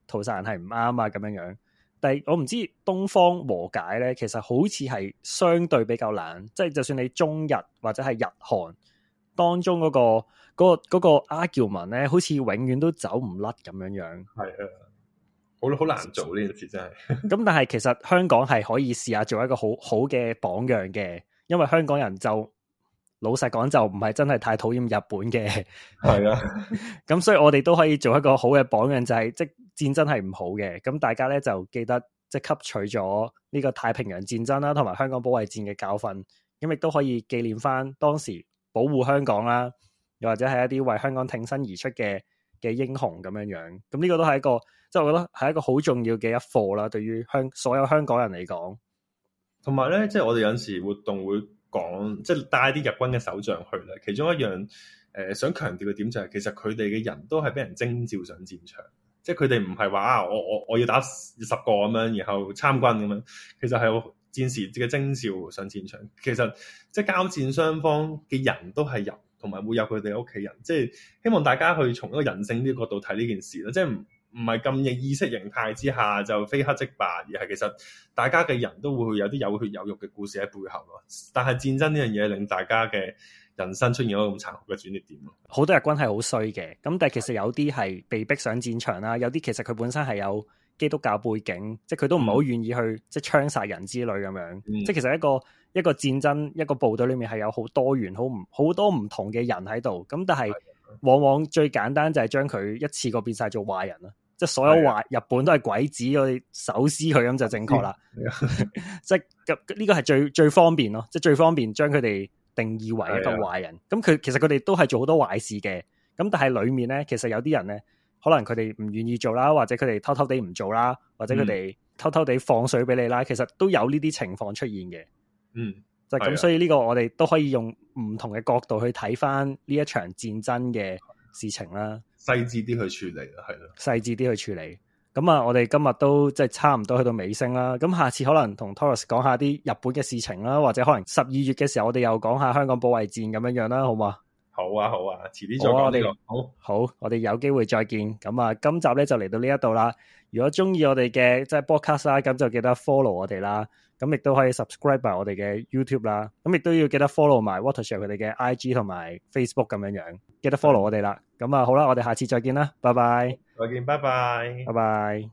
屠殺人係唔啱啊！咁樣樣，但係我唔知東方和解咧，其實好似係相對比較難，即係就算你中日或者係日韓。當中嗰個嗰個嗰個 argument 咧，好似永遠都走唔甩咁樣樣。係啊，好咯，好難做呢件事真係。咁 但係其實香港係可以試下做一個好好嘅榜樣嘅，因為香港人就老實講就唔係真係太討厭日本嘅。係啊是的，咁 所以我哋都可以做一個好嘅榜樣，就係、是、即戰爭係唔好嘅。咁大家咧就記得即吸取咗呢個太平洋戰爭啦，同埋香港保衛戰嘅教訓，咁亦都可以紀念翻當時。保護香港啦，又或者係一啲為香港挺身而出嘅嘅英雄咁樣樣，咁呢個都係一個，即係我覺得係一個好重要嘅一課啦，對於香所有香港人嚟講。同埋咧，即係我哋有陣時活動會講，即係帶啲日軍嘅首長去啦。其中一樣誒想強調嘅點就係，其實佢哋嘅人都係俾人徵召上戰場，即係佢哋唔係話啊，我我我要打十個咁樣，然後參軍咁樣，其實係。戰時嘅徵召上戰場，其實即係交戰雙方嘅人都係人，同埋會有佢哋屋企人。即係希望大家去從一個人性呢個角度睇呢件事啦。即係唔唔係咁嘅意識形態之下就非黑即白，而係其實大家嘅人都會有啲有血有肉嘅故事喺背後咯。但係戰爭呢樣嘢令大家嘅人生出現咗一個咁殘酷嘅轉捩點。好多日軍係好衰嘅，咁但係其實有啲係被逼上戰場啦，有啲其實佢本身係有。基督教背景，即係佢都唔係好願意去、嗯、即係槍殺人之類咁樣，嗯、即係其實一個一個戰爭一個部隊裏面係有好多元好唔好多唔同嘅人喺度，咁但係往往最簡單就係將佢一次過變晒做壞人啦，的即係所有壞日本都係鬼子去手撕佢咁就正確啦，的 即係呢個係最最方便咯，即係最方便將佢哋定義為一個壞人，咁佢的、嗯、其實佢哋都係做好多壞事嘅，咁但係裏面咧其實有啲人咧。可能佢哋唔願意做啦，或者佢哋偷偷地唔做啦，或者佢哋偷偷地放水俾你啦，其實都有呢啲情況出現嘅。嗯，就咁，的所以呢個我哋都可以用唔同嘅角度去睇翻呢一場戰爭嘅事情啦。細緻啲去處理啦，係咯，細緻啲去處理。咁啊，我哋今日都即係差唔多去到尾聲啦。咁下次可能同 Taurus 講下啲日本嘅事情啦，或者可能十二月嘅時候我哋又講下香港保衛戰咁樣樣啦，好嘛？好啊好啊，遲啲、啊、再講呢、這個好、啊我。好，好，我哋有機會再見。咁啊，今集咧，就嚟到呢一度啦。如果中意我哋嘅即係 podcast 咁就記得 follow 我哋啦。咁亦都可以 subscribe 我哋嘅 YouTube 啦。咁亦都要記得 follow 埋 Watershed 佢哋嘅 IG 同埋 Facebook 咁樣樣，記得 follow 我哋啦。咁、嗯、啊，好啦，我哋下次再見啦，拜拜。再見，bye bye 拜拜，拜拜。